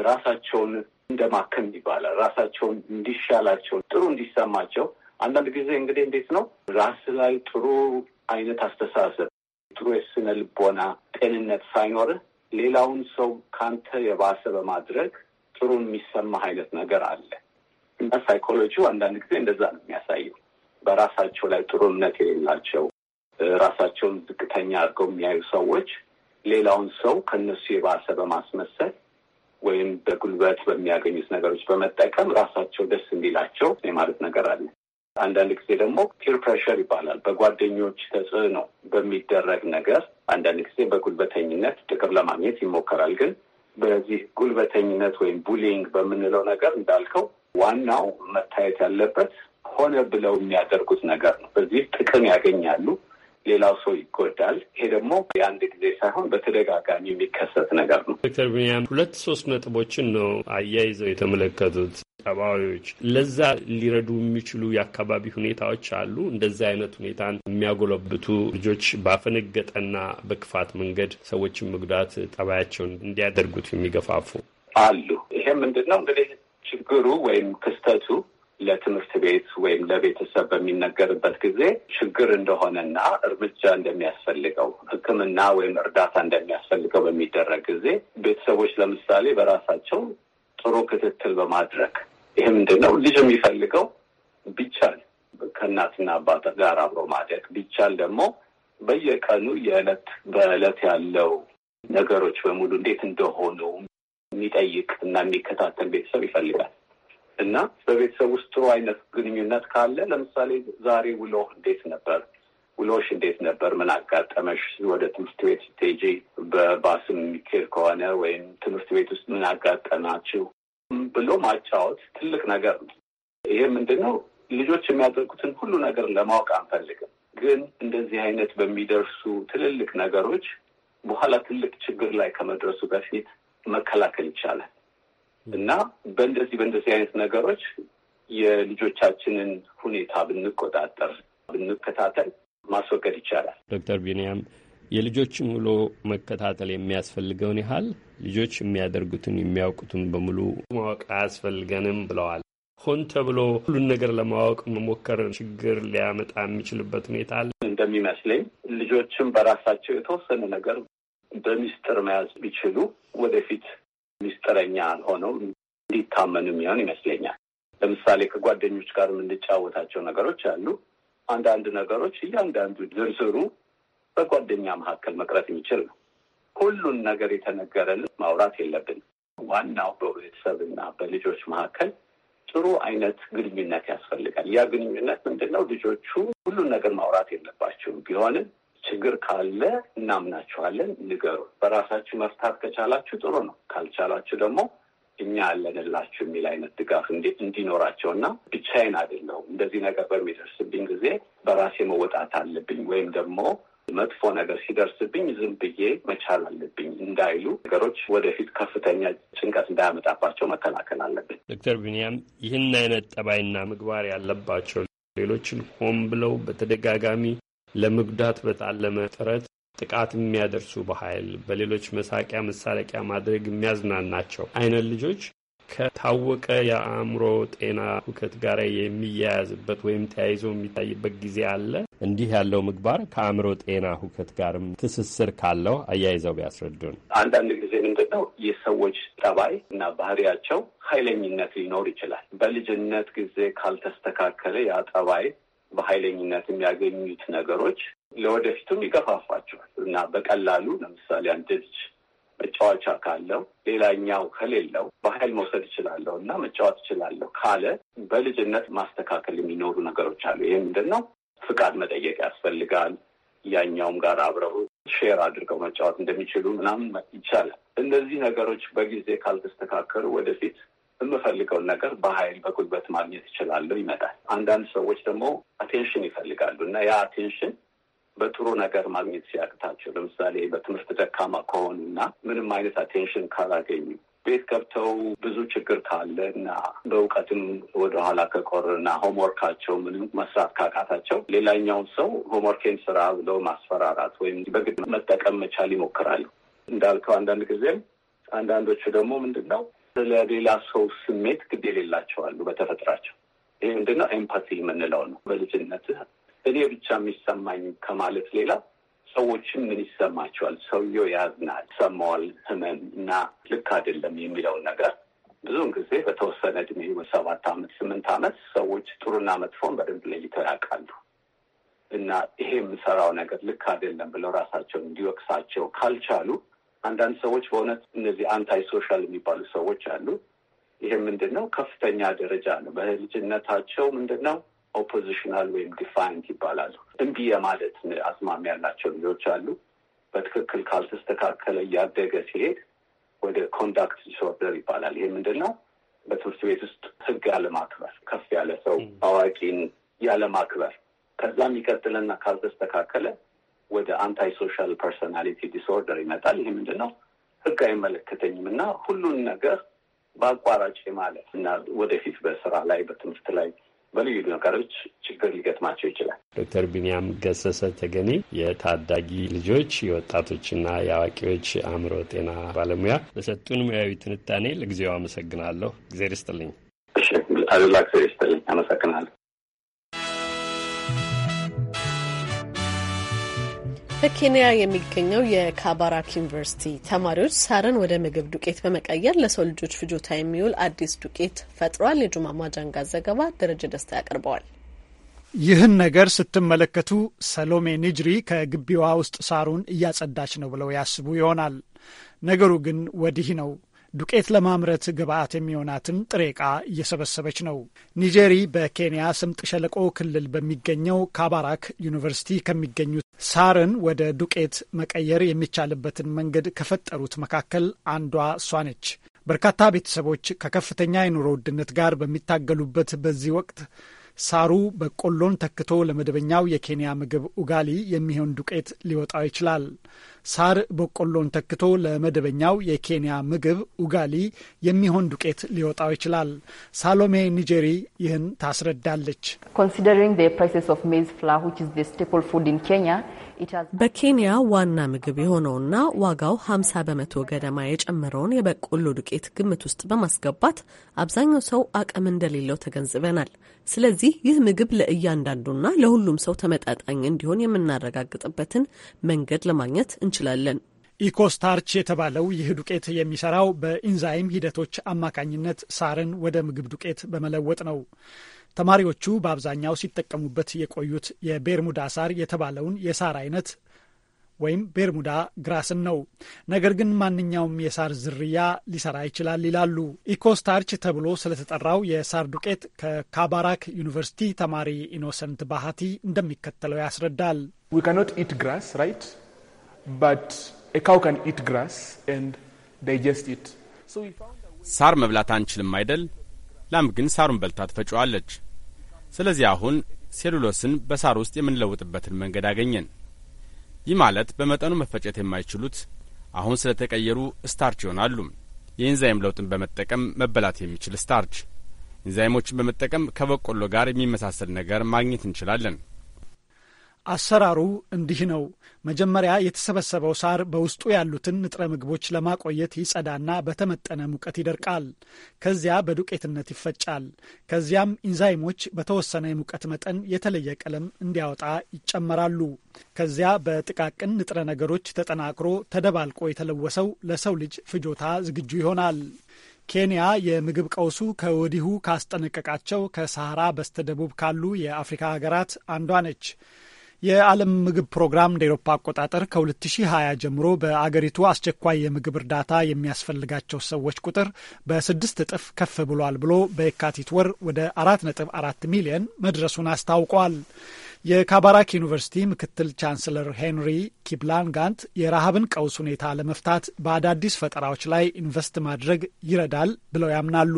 ራሳቸውን እንደማከም ይባላል። ራሳቸውን እንዲሻላቸው ጥሩ እንዲሰማቸው አንዳንድ ጊዜ እንግዲህ እንዴት ነው ራስ ላይ ጥሩ አይነት አስተሳሰብ፣ ጥሩ የስነ ልቦና ጤንነት ሳይኖርህ ሌላውን ሰው ካንተ የባሰ በማድረግ ጥሩን የሚሰማህ አይነት ነገር አለ እና ሳይኮሎጂው አንዳንድ ጊዜ እንደዛ ነው የሚያሳየው። በራሳቸው ላይ ጥሩ እምነት የሌላቸው ራሳቸውን ዝቅተኛ አድርገው የሚያዩ ሰዎች ሌላውን ሰው ከነሱ የባሰ በማስመሰል ወይም በጉልበት በሚያገኙት ነገሮች በመጠቀም ራሳቸው ደስ እንዲላቸው የማለት ነገር አለ። አንዳንድ ጊዜ ደግሞ ፒር ፕሬሸር ይባላል። በጓደኞች ተጽዕኖ በሚደረግ ነገር አንዳንድ ጊዜ በጉልበተኝነት ጥቅም ለማግኘት ይሞከራል። ግን በዚህ ጉልበተኝነት ወይም ቡሊንግ በምንለው ነገር እንዳልከው ዋናው መታየት ያለበት ሆነ ብለው የሚያደርጉት ነገር ነው። በዚህ ጥቅም ያገኛሉ፣ ሌላው ሰው ይጎዳል። ይሄ ደግሞ የአንድ ጊዜ ሳይሆን በተደጋጋሚ የሚከሰት ነገር ነው። ዶክተር ብንያም ሁለት ሶስት ነጥቦችን ነው አያይዘው የተመለከቱት። ጠባዮች ለዛ ሊረዱ የሚችሉ የአካባቢ ሁኔታዎች አሉ። እንደዚህ አይነት ሁኔታን የሚያጎለብቱ ልጆች ባፈነገጠና በክፋት መንገድ ሰዎችን መጉዳት ጠባያቸውን እንዲያደርጉት የሚገፋፉ አሉ። ይሄ ምንድን ነው እንግዲህ ችግሩ ወይም ክስተቱ ለትምህርት ቤት ወይም ለቤተሰብ በሚነገርበት ጊዜ ችግር እንደሆነና እርምጃ እንደሚያስፈልገው ሕክምና ወይም እርዳታ እንደሚያስፈልገው በሚደረግ ጊዜ ቤተሰቦች ለምሳሌ በራሳቸው ጥሩ ክትትል በማድረግ ይህ ምንድን ነው ልጅ የሚፈልገው ቢቻል ከእናትና አባት ጋር አብሮ ማደግ ቢቻል ደግሞ በየቀኑ የዕለት በዕለት ያለው ነገሮች በሙሉ እንዴት እንደሆኑ የሚጠይቅ እና የሚከታተል ቤተሰብ ይፈልጋል። እና በቤተሰብ ውስጥ ጥሩ አይነት ግንኙነት ካለ ለምሳሌ ዛሬ ውሎ እንዴት ነበር? ውሎሽ እንዴት ነበር? ምን አጋጠመሽ? ወደ ትምህርት ቤት ስትሄጂ በባስም የሚኬድ ከሆነ ወይም ትምህርት ቤት ውስጥ ምን አጋጠማችሁ ብሎ ማጫወት ትልቅ ነገር ነው። ይሄ ምንድን ነው? ልጆች የሚያደርጉትን ሁሉ ነገር ለማወቅ አንፈልግም፣ ግን እንደዚህ አይነት በሚደርሱ ትልልቅ ነገሮች በኋላ ትልቅ ችግር ላይ ከመድረሱ በፊት መከላከል ይቻላል። እና በእንደዚህ በእንደዚህ አይነት ነገሮች የልጆቻችንን ሁኔታ ብንቆጣጠር ብንከታተል ማስወገድ ይቻላል። ዶክተር ቢንያም የልጆችን ውሎ መከታተል የሚያስፈልገውን ያህል ልጆች የሚያደርጉትን የሚያውቁትን በሙሉ ማወቅ አያስፈልገንም ብለዋል። ሆን ተብሎ ሁሉን ነገር ለማወቅ መሞከር ችግር ሊያመጣ የሚችልበት ሁኔታ አለ እንደሚመስለኝ። ልጆችም በራሳቸው የተወሰነ ነገር በሚስጥር መያዝ ቢችሉ ወደፊት ሚስጥረኛ ሆነው እንዲታመኑ የሚሆን ይመስለኛል። ለምሳሌ ከጓደኞች ጋር የምንጫወታቸው ነገሮች አሉ። አንዳንድ ነገሮች እያንዳንዱ ዝርዝሩ በጓደኛ መካከል መቅረት የሚችል ነው። ሁሉን ነገር የተነገረልን ማውራት የለብንም። ዋናው በቤተሰብና በልጆች መካከል ጥሩ አይነት ግንኙነት ያስፈልጋል። ያ ግንኙነት ምንድን ነው? ልጆቹ ሁሉን ነገር ማውራት የለባቸውም ቢሆንም ችግር ካለ እናምናችኋለን፣ ንገሩ። በራሳችሁ መፍታት ከቻላችሁ ጥሩ ነው፣ ካልቻላችሁ ደግሞ እኛ ያለንላችሁ የሚል አይነት ድጋፍ እንዲኖራቸው እና ብቻዬን አይደለሁም እንደዚህ ነገር በሚደርስብኝ ጊዜ በራሴ መወጣት አለብኝ ወይም ደግሞ መጥፎ ነገር ሲደርስብኝ ዝም ብዬ መቻል አለብኝ እንዳይሉ ነገሮች ወደፊት ከፍተኛ ጭንቀት እንዳያመጣባቸው መከላከል አለብን። ዶክተር ቢንያም ይህን አይነት ጠባይና ምግባር ያለባቸው ሌሎችን ሆን ብለው በተደጋጋሚ ለመጉዳት በታለመ ጥረት ጥቃት የሚያደርሱ በኃይል በሌሎች መሳቂያ መሳለቂያ ማድረግ የሚያዝናናቸው አይነት ልጆች ከታወቀ የአእምሮ ጤና ሁከት ጋር የሚያያዝበት ወይም ተያይዞ የሚታይበት ጊዜ አለ። እንዲህ ያለው ምግባር ከአእምሮ ጤና ሁከት ጋርም ትስስር ካለው አያይዘው ቢያስረዱን። አንዳንድ ጊዜ ምንድን ነው የሰዎች ጠባይ እና ባህሪያቸው ኃይለኝነት ሊኖር ይችላል። በልጅነት ጊዜ ካልተስተካከለ ያ ጠባይ በኃይለኝነት የሚያገኙት ነገሮች ለወደፊቱም ይገፋፋቸዋል እና በቀላሉ ለምሳሌ አንድ ልጅ መጫወቻ ካለው ሌላኛው ከሌለው በኃይል መውሰድ እችላለሁ እና መጫወት እችላለሁ ካለ በልጅነት ማስተካከል የሚኖሩ ነገሮች አሉ። ይህ ምንድን ነው? ፍቃድ መጠየቅ ያስፈልጋል። ያኛውም ጋር አብረው ሼር አድርገው መጫወት እንደሚችሉ ምናምን ይቻላል። እነዚህ ነገሮች በጊዜ ካልተስተካከሉ ወደፊት የምፈልገውን ነገር በኃይል በጉልበት ማግኘት እችላለሁ ይመጣል። አንዳንድ ሰዎች ደግሞ አቴንሽን ይፈልጋሉ እና ያ አቴንሽን በጥሩ ነገር ማግኘት ሲያቅታቸው፣ ለምሳሌ በትምህርት ደካማ ከሆኑ እና ምንም አይነት አቴንሽን ካላገኙ ቤት ገብተው ብዙ ችግር ካለ እና በእውቀትም ወደኋላ ከቆር እና ሆምወርካቸው ምንም መስራት ካቃታቸው ሌላኛውን ሰው ሆምወርኬን ስራ ብለው ማስፈራራት ወይም በግድ መጠቀም መቻል ይሞክራሉ። እንዳልከው አንዳንድ ጊዜም አንዳንዶቹ ደግሞ ምንድን ነው ስለሌላ ሰው ስሜት ግድ የሌላቸዋሉ በተፈጥራቸው። ይህ ምንድነው ኤምፓቲ የምንለው ነው። በልጅነትህ እኔ ብቻ የሚሰማኝ ከማለት ሌላ ሰዎችም ምን ይሰማቸዋል፣ ሰውየው ያዝናል፣ ሰማዋል ህመም እና ልክ አይደለም የሚለውን ነገር ብዙውን ጊዜ በተወሰነ እድሜ ሰባት አመት ስምንት አመት ሰዎች ጥሩና መጥፎን በደንብ ለይተው ያውቃሉ። እና ይሄ የምሰራው ነገር ልክ አይደለም ብለው ራሳቸውን እንዲወቅሳቸው ካልቻሉ አንዳንድ ሰዎች በእውነት እነዚህ አንታይ ሶሻል የሚባሉ ሰዎች አሉ። ይሄ ምንድን ነው? ከፍተኛ ደረጃ ነው። በልጅነታቸው ምንድን ነው ኦፖዚሽናል ወይም ዲፋይንት ይባላሉ። እምቢ የማለት አዝማሚያ ያላቸው ልጆች አሉ። በትክክል ካልተስተካከለ እያደገ ሲሄድ ወደ ኮንዳክት ዲስኦርደር ይባላል። ይሄ ምንድን ነው? በትምህርት ቤት ውስጥ ህግ ያለማክበር፣ ከፍ ያለ ሰው አዋቂን ያለማክበር፣ ከዛ የሚቀጥልና ካልተስተካከለ ወደ አንታይ ሶሻል ፐርሶናሊቲ ዲስኦርደር ይመጣል። ይህ ምንድን ነው? ህግ አይመለከተኝም እና ሁሉን ነገር በአቋራጭ ማለት እና ወደፊት በስራ ላይ በትምህርት ላይ በልዩ ነገሮች ችግር ሊገጥማቸው ይችላል። ዶክተር ቢንያም ገሰሰ ተገኔ የታዳጊ ልጆች የወጣቶችና የአዋቂዎች አእምሮ ጤና ባለሙያ በሰጡን ሙያዊ ትንታኔ ለጊዜው አመሰግናለሁ። እግዜር ይስጥልኝ። እሺ አሉላ፣ እግዜር ይስጥልኝ። አመሰግናለሁ። በኬንያ የሚገኘው የካባራክ ዩኒቨርሲቲ ተማሪዎች ሳርን ወደ ምግብ ዱቄት በመቀየር ለሰው ልጆች ፍጆታ የሚውል አዲስ ዱቄት ፈጥሯል። የጁማ ማጃንጋ ዘገባ ደረጀ ደስታ ያቀርበዋል። ይህን ነገር ስትመለከቱ ሰሎሜ ኒጅሪ ከግቢዋ ውስጥ ሳሩን እያጸዳች ነው ብለው ያስቡ ይሆናል። ነገሩ ግን ወዲህ ነው። ዱቄት ለማምረት ግብዓት የሚሆናትን ጥሬ ዕቃ እየሰበሰበች ነው። ኒጀሪ በኬንያ ስምጥ ሸለቆ ክልል በሚገኘው ካባራክ ዩኒቨርሲቲ ከሚገኙት ሳርን ወደ ዱቄት መቀየር የሚቻልበትን መንገድ ከፈጠሩት መካከል አንዷ እሷ ነች። በርካታ ቤተሰቦች ከከፍተኛ የኑሮ ውድነት ጋር በሚታገሉበት በዚህ ወቅት ሳሩ በቆሎን ተክቶ ለመደበኛው የኬንያ ምግብ ኡጋሊ የሚሆን ዱቄት ሊወጣው ይችላል። ሳር በቆሎን ተክቶ ለመደበኛው የኬንያ ምግብ ኡጋሊ የሚሆን ዱቄት ሊወጣው ይችላል። ሳሎሜ ኒጄሪ ይህን ታስረዳለች። በኬንያ ዋና ምግብ የሆነውና ዋጋው 50 በመቶ ገደማ የጨመረውን የበቆሎ ዱቄት ግምት ውስጥ በማስገባት አብዛኛው ሰው አቅም እንደሌለው ተገንዝበናል። ስለዚህ ይህ ምግብ ለእያንዳንዱና ለሁሉም ሰው ተመጣጣኝ እንዲሆን የምናረጋግጥበትን መንገድ ለማግኘት እንችላለን። ኢኮስታርች የተባለው ይህ ዱቄት የሚሰራው በኢንዛይም ሂደቶች አማካኝነት ሳርን ወደ ምግብ ዱቄት በመለወጥ ነው። ተማሪዎቹ በአብዛኛው ሲጠቀሙበት የቆዩት የቤርሙዳ ሳር የተባለውን የሳር አይነት ወይም ቤርሙዳ ግራስን ነው። ነገር ግን ማንኛውም የሳር ዝርያ ሊሰራ ይችላል ይላሉ። ኢኮስታርች ተብሎ ስለተጠራው የሳር ዱቄት ከካባራክ ዩኒቨርሲቲ ተማሪ ኢኖሰንት ባህቲ እንደሚከተለው ያስረዳል። ሳር መብላት አንችልም አይደል? ላም ግን ሳሩን በልታ ትፈጫዋለች። ስለዚህ አሁን ሴሉሎስን በሳር ውስጥ የምንለውጥበትን መንገድ አገኘን። ይህ ማለት በመጠኑ መፈጨት የማይችሉት አሁን ስለ ተቀየሩ ስታርች ይሆናሉ። የኢንዛይም ለውጥን በመጠቀም መበላት የሚችል ስታርች ኢንዛይሞችን በመጠቀም ከበቆሎ ጋር የሚመሳሰል ነገር ማግኘት እንችላለን። አሰራሩ እንዲህ ነው። መጀመሪያ የተሰበሰበው ሳር በውስጡ ያሉትን ንጥረ ምግቦች ለማቆየት ይጸዳና በተመጠነ ሙቀት ይደርቃል። ከዚያ በዱቄትነት ይፈጫል። ከዚያም ኢንዛይሞች በተወሰነ የሙቀት መጠን የተለየ ቀለም እንዲያወጣ ይጨመራሉ። ከዚያ በጥቃቅን ንጥረ ነገሮች ተጠናክሮ ተደባልቆ የተለወሰው ለሰው ልጅ ፍጆታ ዝግጁ ይሆናል። ኬንያ የምግብ ቀውሱ ከወዲሁ ካስጠነቀቃቸው ከሰሃራ በስተደቡብ ካሉ የአፍሪካ ሀገራት አንዷ ነች። የዓለም ምግብ ፕሮግራም እንደ ኤሮፓ አቆጣጠር ከ2020 ጀምሮ በአገሪቱ አስቸኳይ የምግብ እርዳታ የሚያስፈልጋቸው ሰዎች ቁጥር በስድስት እጥፍ ከፍ ብሏል ብሎ በየካቲት ወር ወደ 4.4 ሚሊዮን መድረሱን አስታውቋል። የካባራክ ዩኒቨርሲቲ ምክትል ቻንስለር ሄንሪ ጋንት የረሃብን ቀውስ ሁኔታ ለመፍታት በአዳዲስ ፈጠራዎች ላይ ኢንቨስት ማድረግ ይረዳል ብለው ያምናሉ።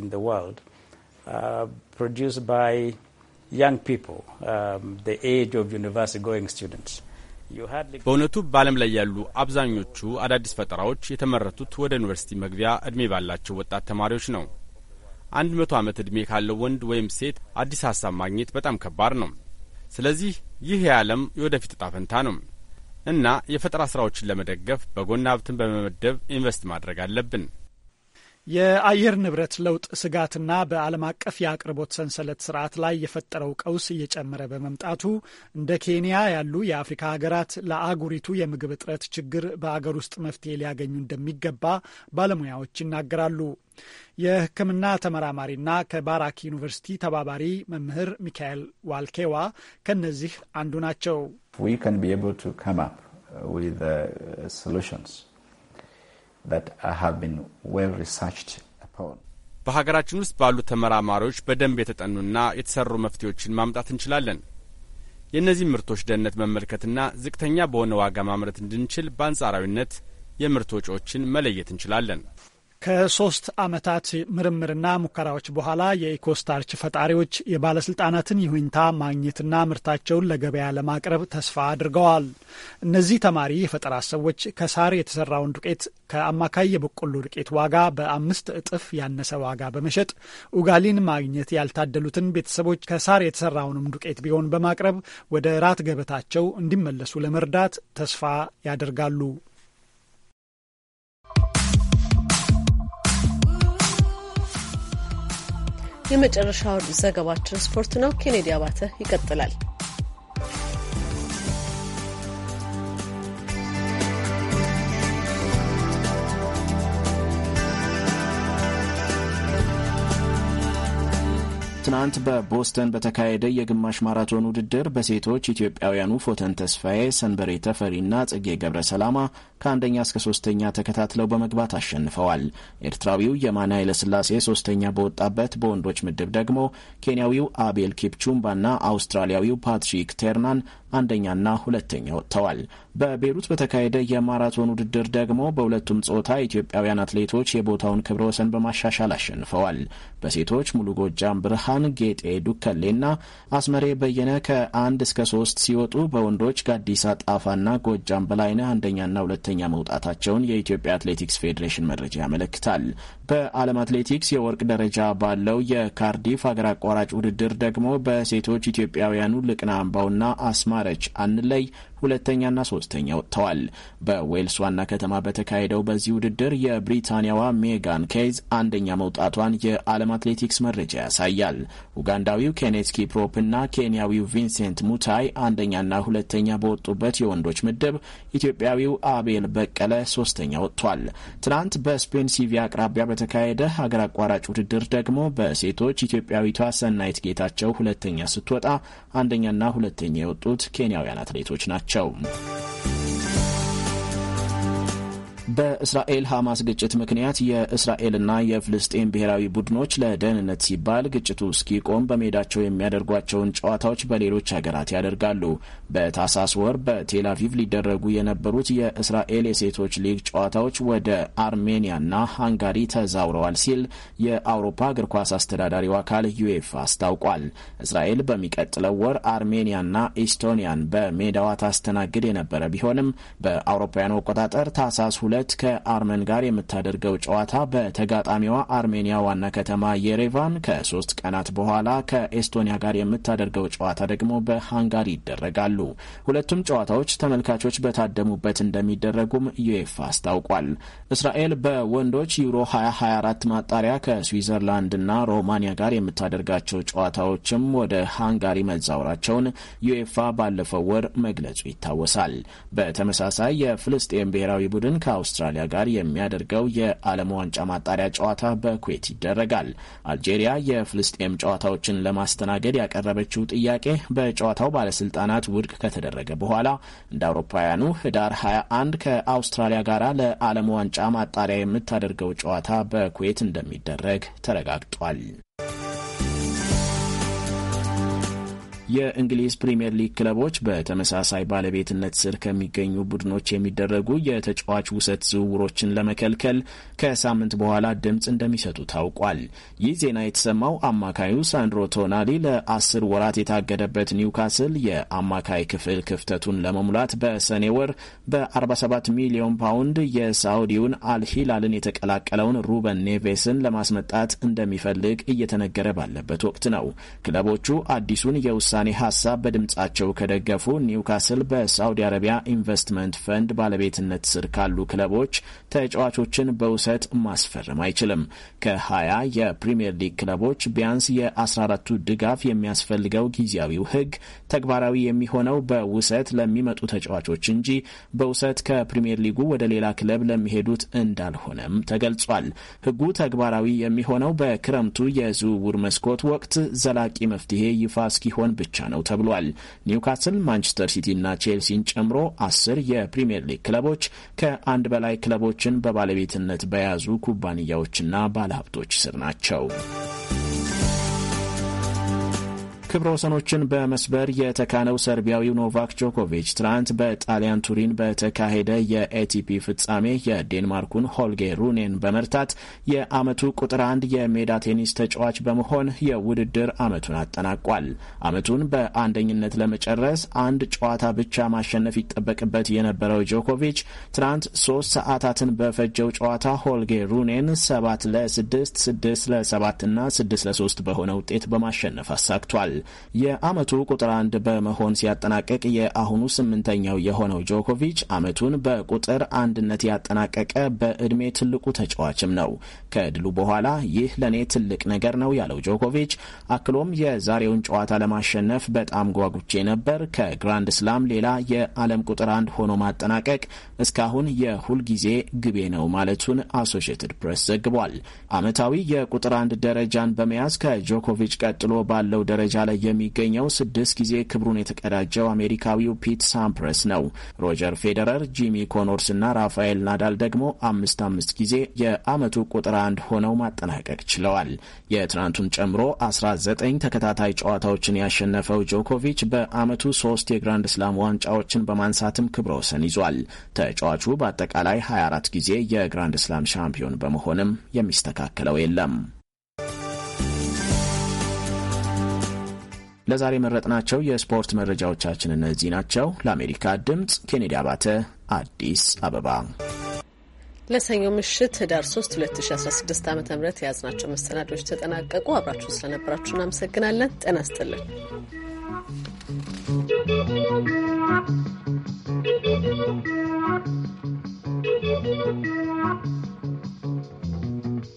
in the world are uh, produced ባይ young people, um, the age of university going students. በእውነቱ በዓለም ላይ ያሉ አብዛኞቹ አዳዲስ ፈጠራዎች የተመረቱት ወደ ዩኒቨርሲቲ መግቢያ እድሜ ባላቸው ወጣት ተማሪዎች ነው። አንድ መቶ ዓመት ዕድሜ ካለው ወንድ ወይም ሴት አዲስ ሀሳብ ማግኘት በጣም ከባድ ነው። ስለዚህ ይህ የዓለም የወደፊት እጣ ፈንታ ነው እና የፈጠራ ስራዎችን ለመደገፍ በጎን ሀብትን በመመደብ ኢንቨስት ማድረግ አለብን። የአየር ንብረት ለውጥ ስጋትና በዓለም አቀፍ የአቅርቦት ሰንሰለት ስርዓት ላይ የፈጠረው ቀውስ እየጨመረ በመምጣቱ እንደ ኬንያ ያሉ የአፍሪካ ሀገራት ለአህጉሪቱ የምግብ እጥረት ችግር በአገር ውስጥ መፍትሄ ሊያገኙ እንደሚገባ ባለሙያዎች ይናገራሉ። የሕክምና ተመራማሪና ከባራክ ዩኒቨርሲቲ ተባባሪ መምህር ሚካኤል ዋልኬዋ ከነዚህ አንዱ ናቸው። በሀገራችን ውስጥ ባሉ ተመራማሪዎች በደንብ የተጠኑና የተሰሩ መፍትሄዎችን ማምጣት እንችላለን። የእነዚህ ምርቶች ደህንነት መመልከትና ዝቅተኛ በሆነ ዋጋ ማምረት እንድንችል በአንጻራዊነት የምርት ወጪዎችን መለየት እንችላለን። ከሶስት ዓመታት ምርምርና ሙከራዎች በኋላ የኢኮስታርች ፈጣሪዎች የባለስልጣናትን ይሁንታ ማግኘትና ምርታቸውን ለገበያ ለማቅረብ ተስፋ አድርገዋል። እነዚህ ተማሪ የፈጠራ ሰዎች ከሳር የተሰራውን ዱቄት ከአማካይ የበቆሎ ዱቄት ዋጋ በአምስት እጥፍ ያነሰ ዋጋ በመሸጥ ኡጋሊን ማግኘት ያልታደሉትን ቤተሰቦች ከሳር የተሰራውንም ዱቄት ቢሆን በማቅረብ ወደ ራት ገበታቸው እንዲመለሱ ለመርዳት ተስፋ ያደርጋሉ። የመጨረሻው ዘገባችን ስፖርት ነው። ኬኔዲ አባተ ይቀጥላል። ትናንት በቦስተን በተካሄደ የግማሽ ማራቶን ውድድር በሴቶች ኢትዮጵያውያኑ ፎተን ተስፋዬ፣ ሰንበሬ ተፈሪና ጽጌ ገብረ ሰላማ ከአንደኛ እስከ ሶስተኛ ተከታትለው በመግባት አሸንፈዋል። ኤርትራዊው የማነ ኃይለስላሴ ሶስተኛ በወጣበት በወንዶች ምድብ ደግሞ ኬንያዊው አቤል ኪፕቹምባና አውስትራሊያዊው ፓትሪክ ቴርናን አንደኛና ሁለተኛ ወጥተዋል። በቤሩት በተካሄደ የማራቶን ውድድር ደግሞ በሁለቱም ጾታ ኢትዮጵያውያን አትሌቶች የቦታውን ክብረ ወሰን በማሻሻል አሸንፈዋል። በሴቶች ሙሉ ጎጃም ብርሃን ጌጤ ዱከሌና አስመሬ በየነ ከአንድ እስከ ሶስት ሲወጡ በወንዶች ጋዲሳ ጣፋና ጎጃም በላይነህ አንደኛና ሁለተኛ አራተኛ መውጣታቸውን የኢትዮጵያ አትሌቲክስ ፌዴሬሽን መረጃ ያመለክታል። በዓለም አትሌቲክስ የወርቅ ደረጃ ባለው የካርዲፍ ሀገር አቋራጭ ውድድር ደግሞ በሴቶች ኢትዮጵያውያኑ ልቅና አምባውና አስማረች አንለይ ሁለተኛና ሶስተኛ ወጥተዋል። በዌልስ ዋና ከተማ በተካሄደው በዚህ ውድድር የብሪታንያዋ ሜጋን ኬዝ አንደኛ መውጣቷን የዓለም አትሌቲክስ መረጃ ያሳያል። ኡጋንዳዊው ኬኔት ኪፕሮፕና ኬንያዊው ቪንሴንት ሙታይ አንደኛና ሁለተኛ በወጡበት የወንዶች ምድብ ኢትዮጵያዊው አቤል በቀለ ሶስተኛ ወጥቷል። ትናንት በስፔን ሲቪ አቅራቢያ በተካሄደ ሀገር አቋራጭ ውድድር ደግሞ በሴቶች ኢትዮጵያዊቷ ሰናይት ጌታቸው ሁለተኛ ስትወጣ አንደኛና ሁለተኛ የወጡት ኬንያውያን አትሌቶች ናቸው። በእስራኤል ሐማስ ግጭት ምክንያት የእስራኤልና የፍልስጤን ብሔራዊ ቡድኖች ለደህንነት ሲባል ግጭቱ እስኪቆም በሜዳቸው የሚያደርጓቸውን ጨዋታዎች በሌሎች ሀገራት ያደርጋሉ። በታሳስ ወር በቴላቪቭ ሊደረጉ የነበሩት የእስራኤል የሴቶች ሊግ ጨዋታዎች ወደ አርሜኒያና ሃንጋሪ ተዛውረዋል ሲል የአውሮፓ እግር ኳስ አስተዳዳሪው አካል ዩኤፋ አስታውቋል። እስራኤል በሚቀጥለው ወር አርሜኒያና ኢስቶኒያን በሜዳዋ ታስተናግድ የነበረ ቢሆንም በአውሮፓውያኑ አቆጣጠር ታሳስ ሁለት ዕለት ከአርመን ጋር የምታደርገው ጨዋታ በተጋጣሚዋ አርሜኒያ ዋና ከተማ የሬቫን፣ ከሶስት ቀናት በኋላ ከኤስቶኒያ ጋር የምታደርገው ጨዋታ ደግሞ በሃንጋሪ ይደረጋሉ። ሁለቱም ጨዋታዎች ተመልካቾች በታደሙበት እንደሚደረጉም ዩኤፋ አስታውቋል። እስራኤል በወንዶች ዩሮ 2024 ማጣሪያ ከስዊዘርላንድና ሮማኒያ ጋር የምታደርጋቸው ጨዋታዎችም ወደ ሃንጋሪ መዛወራቸውን ዩኤፋ ባለፈው ወር መግለጹ ይታወሳል። በተመሳሳይ የፍልስጤን ብሔራዊ ቡድን ከአውስ ከአውስትራሊያ ጋር የሚያደርገው የዓለም ዋንጫ ማጣሪያ ጨዋታ በኩዌት ይደረጋል። አልጄሪያ የፍልስጤም ጨዋታዎችን ለማስተናገድ ያቀረበችው ጥያቄ በጨዋታው ባለስልጣናት ውድቅ ከተደረገ በኋላ እንደ አውሮፓውያኑ ህዳር 21 ከአውስትራሊያ ጋር ለዓለም ዋንጫ ማጣሪያ የምታደርገው ጨዋታ በኩዌት እንደሚደረግ ተረጋግጧል። የእንግሊዝ ፕሪምየር ሊግ ክለቦች በተመሳሳይ ባለቤትነት ስር ከሚገኙ ቡድኖች የሚደረጉ የተጫዋች ውሰት ዝውውሮችን ለመከልከል ከሳምንት በኋላ ድምፅ እንደሚሰጡ ታውቋል። ይህ ዜና የተሰማው አማካዩ ሳንድሮ ቶናሊ ለአስር ወራት የታገደበት ኒውካስል የአማካይ ክፍል ክፍተቱን ለመሙላት በሰኔ ወር በ47 ሚሊዮን ፓውንድ የሳውዲውን አልሂላልን የተቀላቀለውን ሩበን ኔቬስን ለማስመጣት እንደሚፈልግ እየተነገረ ባለበት ወቅት ነው። ክለቦቹ አዲሱን የውሳኔ ውሳኔ ሀሳብ በድምጻቸው ከደገፉ ኒውካስል በሳውዲ አረቢያ ኢንቨስትመንት ፈንድ ባለቤትነት ስር ካሉ ክለቦች ተጫዋቾችን በውሰት ማስፈረም አይችልም። ከሀያ የፕሪምየር ሊግ ክለቦች ቢያንስ የ14ቱ ድጋፍ የሚያስፈልገው ጊዜያዊው ህግ ተግባራዊ የሚሆነው በውሰት ለሚመጡ ተጫዋቾች እንጂ በውሰት ከፕሪምየር ሊጉ ወደ ሌላ ክለብ ለሚሄዱት እንዳልሆነም ተገልጿል። ህጉ ተግባራዊ የሚሆነው በክረምቱ የዝውውር መስኮት ወቅት ዘላቂ መፍትሄ ይፋ እስኪሆን ብቻ ነው ተብሏል። ኒውካስል፣ ማንቸስተር እና ቼልሲን ጨምሮ አስር የፕሪምየር ሊግ ክለቦች ከአንድ በላይ ክለቦችን በባለቤትነት በያዙ ኩባንያዎችና ባለሀብቶች ስር ናቸው። ክብረ ወሰኖችን በመስበር የተካነው ሰርቢያዊው ኖቫክ ጆኮቪች ትናንት በጣሊያን ቱሪን በተካሄደ የኤቲፒ ፍጻሜ የዴንማርኩን ሆልጌ ሩኔን በመርታት የዓመቱ ቁጥር አንድ የሜዳ ቴኒስ ተጫዋች በመሆን የውድድር ዓመቱን አጠናቋል። ዓመቱን በአንደኝነት ለመጨረስ አንድ ጨዋታ ብቻ ማሸነፍ ይጠበቅበት የነበረው ጆኮቪች ትናንት ሶስት ሰዓታትን በፈጀው ጨዋታ ሆልጌ ሩኔን ሰባት ለስድስት ስድስት ለሰባት እና ስድስት ለሶስት በሆነ ውጤት በማሸነፍ አሳክቷል። የአመቱ ቁጥር አንድ በመሆን ሲያጠናቀቅ የአሁኑ ስምንተኛው የሆነው ጆኮቪች አመቱን በቁጥር አንድነት ያጠናቀቀ በእድሜ ትልቁ ተጫዋችም ነው። ከድሉ በኋላ ይህ ለእኔ ትልቅ ነገር ነው ያለው ጆኮቪች አክሎም የዛሬውን ጨዋታ ለማሸነፍ በጣም ጓጉቼ ነበር። ከግራንድ ስላም ሌላ የዓለም ቁጥር አንድ ሆኖ ማጠናቀቅ እስካሁን የሁልጊዜ ግቤ ነው ማለቱን አሶሽየትድ ፕሬስ ዘግቧል። አመታዊ የቁጥር አንድ ደረጃን በመያዝ ከጆኮቪች ቀጥሎ ባለው ደረጃ ላይ ላይ የሚገኘው ስድስት ጊዜ ክብሩን የተቀዳጀው አሜሪካዊው ፒት ሳምፕረስ ነው። ሮጀር ፌዴረር፣ ጂሚ ኮኖርስ እና ራፋኤል ናዳል ደግሞ አምስት አምስት ጊዜ የዓመቱ ቁጥር አንድ ሆነው ማጠናቀቅ ችለዋል። የትናንቱን ጨምሮ 19 ተከታታይ ጨዋታዎችን ያሸነፈው ጆኮቪች በዓመቱ ሶስት የግራንድ ስላም ዋንጫዎችን በማንሳትም ክብረ ወሰን ይዟል። ተጫዋቹ በአጠቃላይ 24 ጊዜ የግራንድ ስላም ሻምፒዮን በመሆንም የሚስተካከለው የለም። ለዛሬ የመረጥናቸው የስፖርት መረጃዎቻችን እነዚህ ናቸው። ለአሜሪካ ድምፅ ኬኔዲ አባተ፣ አዲስ አበባ። ለሰኞ ምሽት ህዳር 3 2016 ዓ ም የያዝናቸው መሰናዶች ተጠናቀቁ። አብራችሁን ስለነበራችሁ እናመሰግናለን። ጤና ይስጥልን።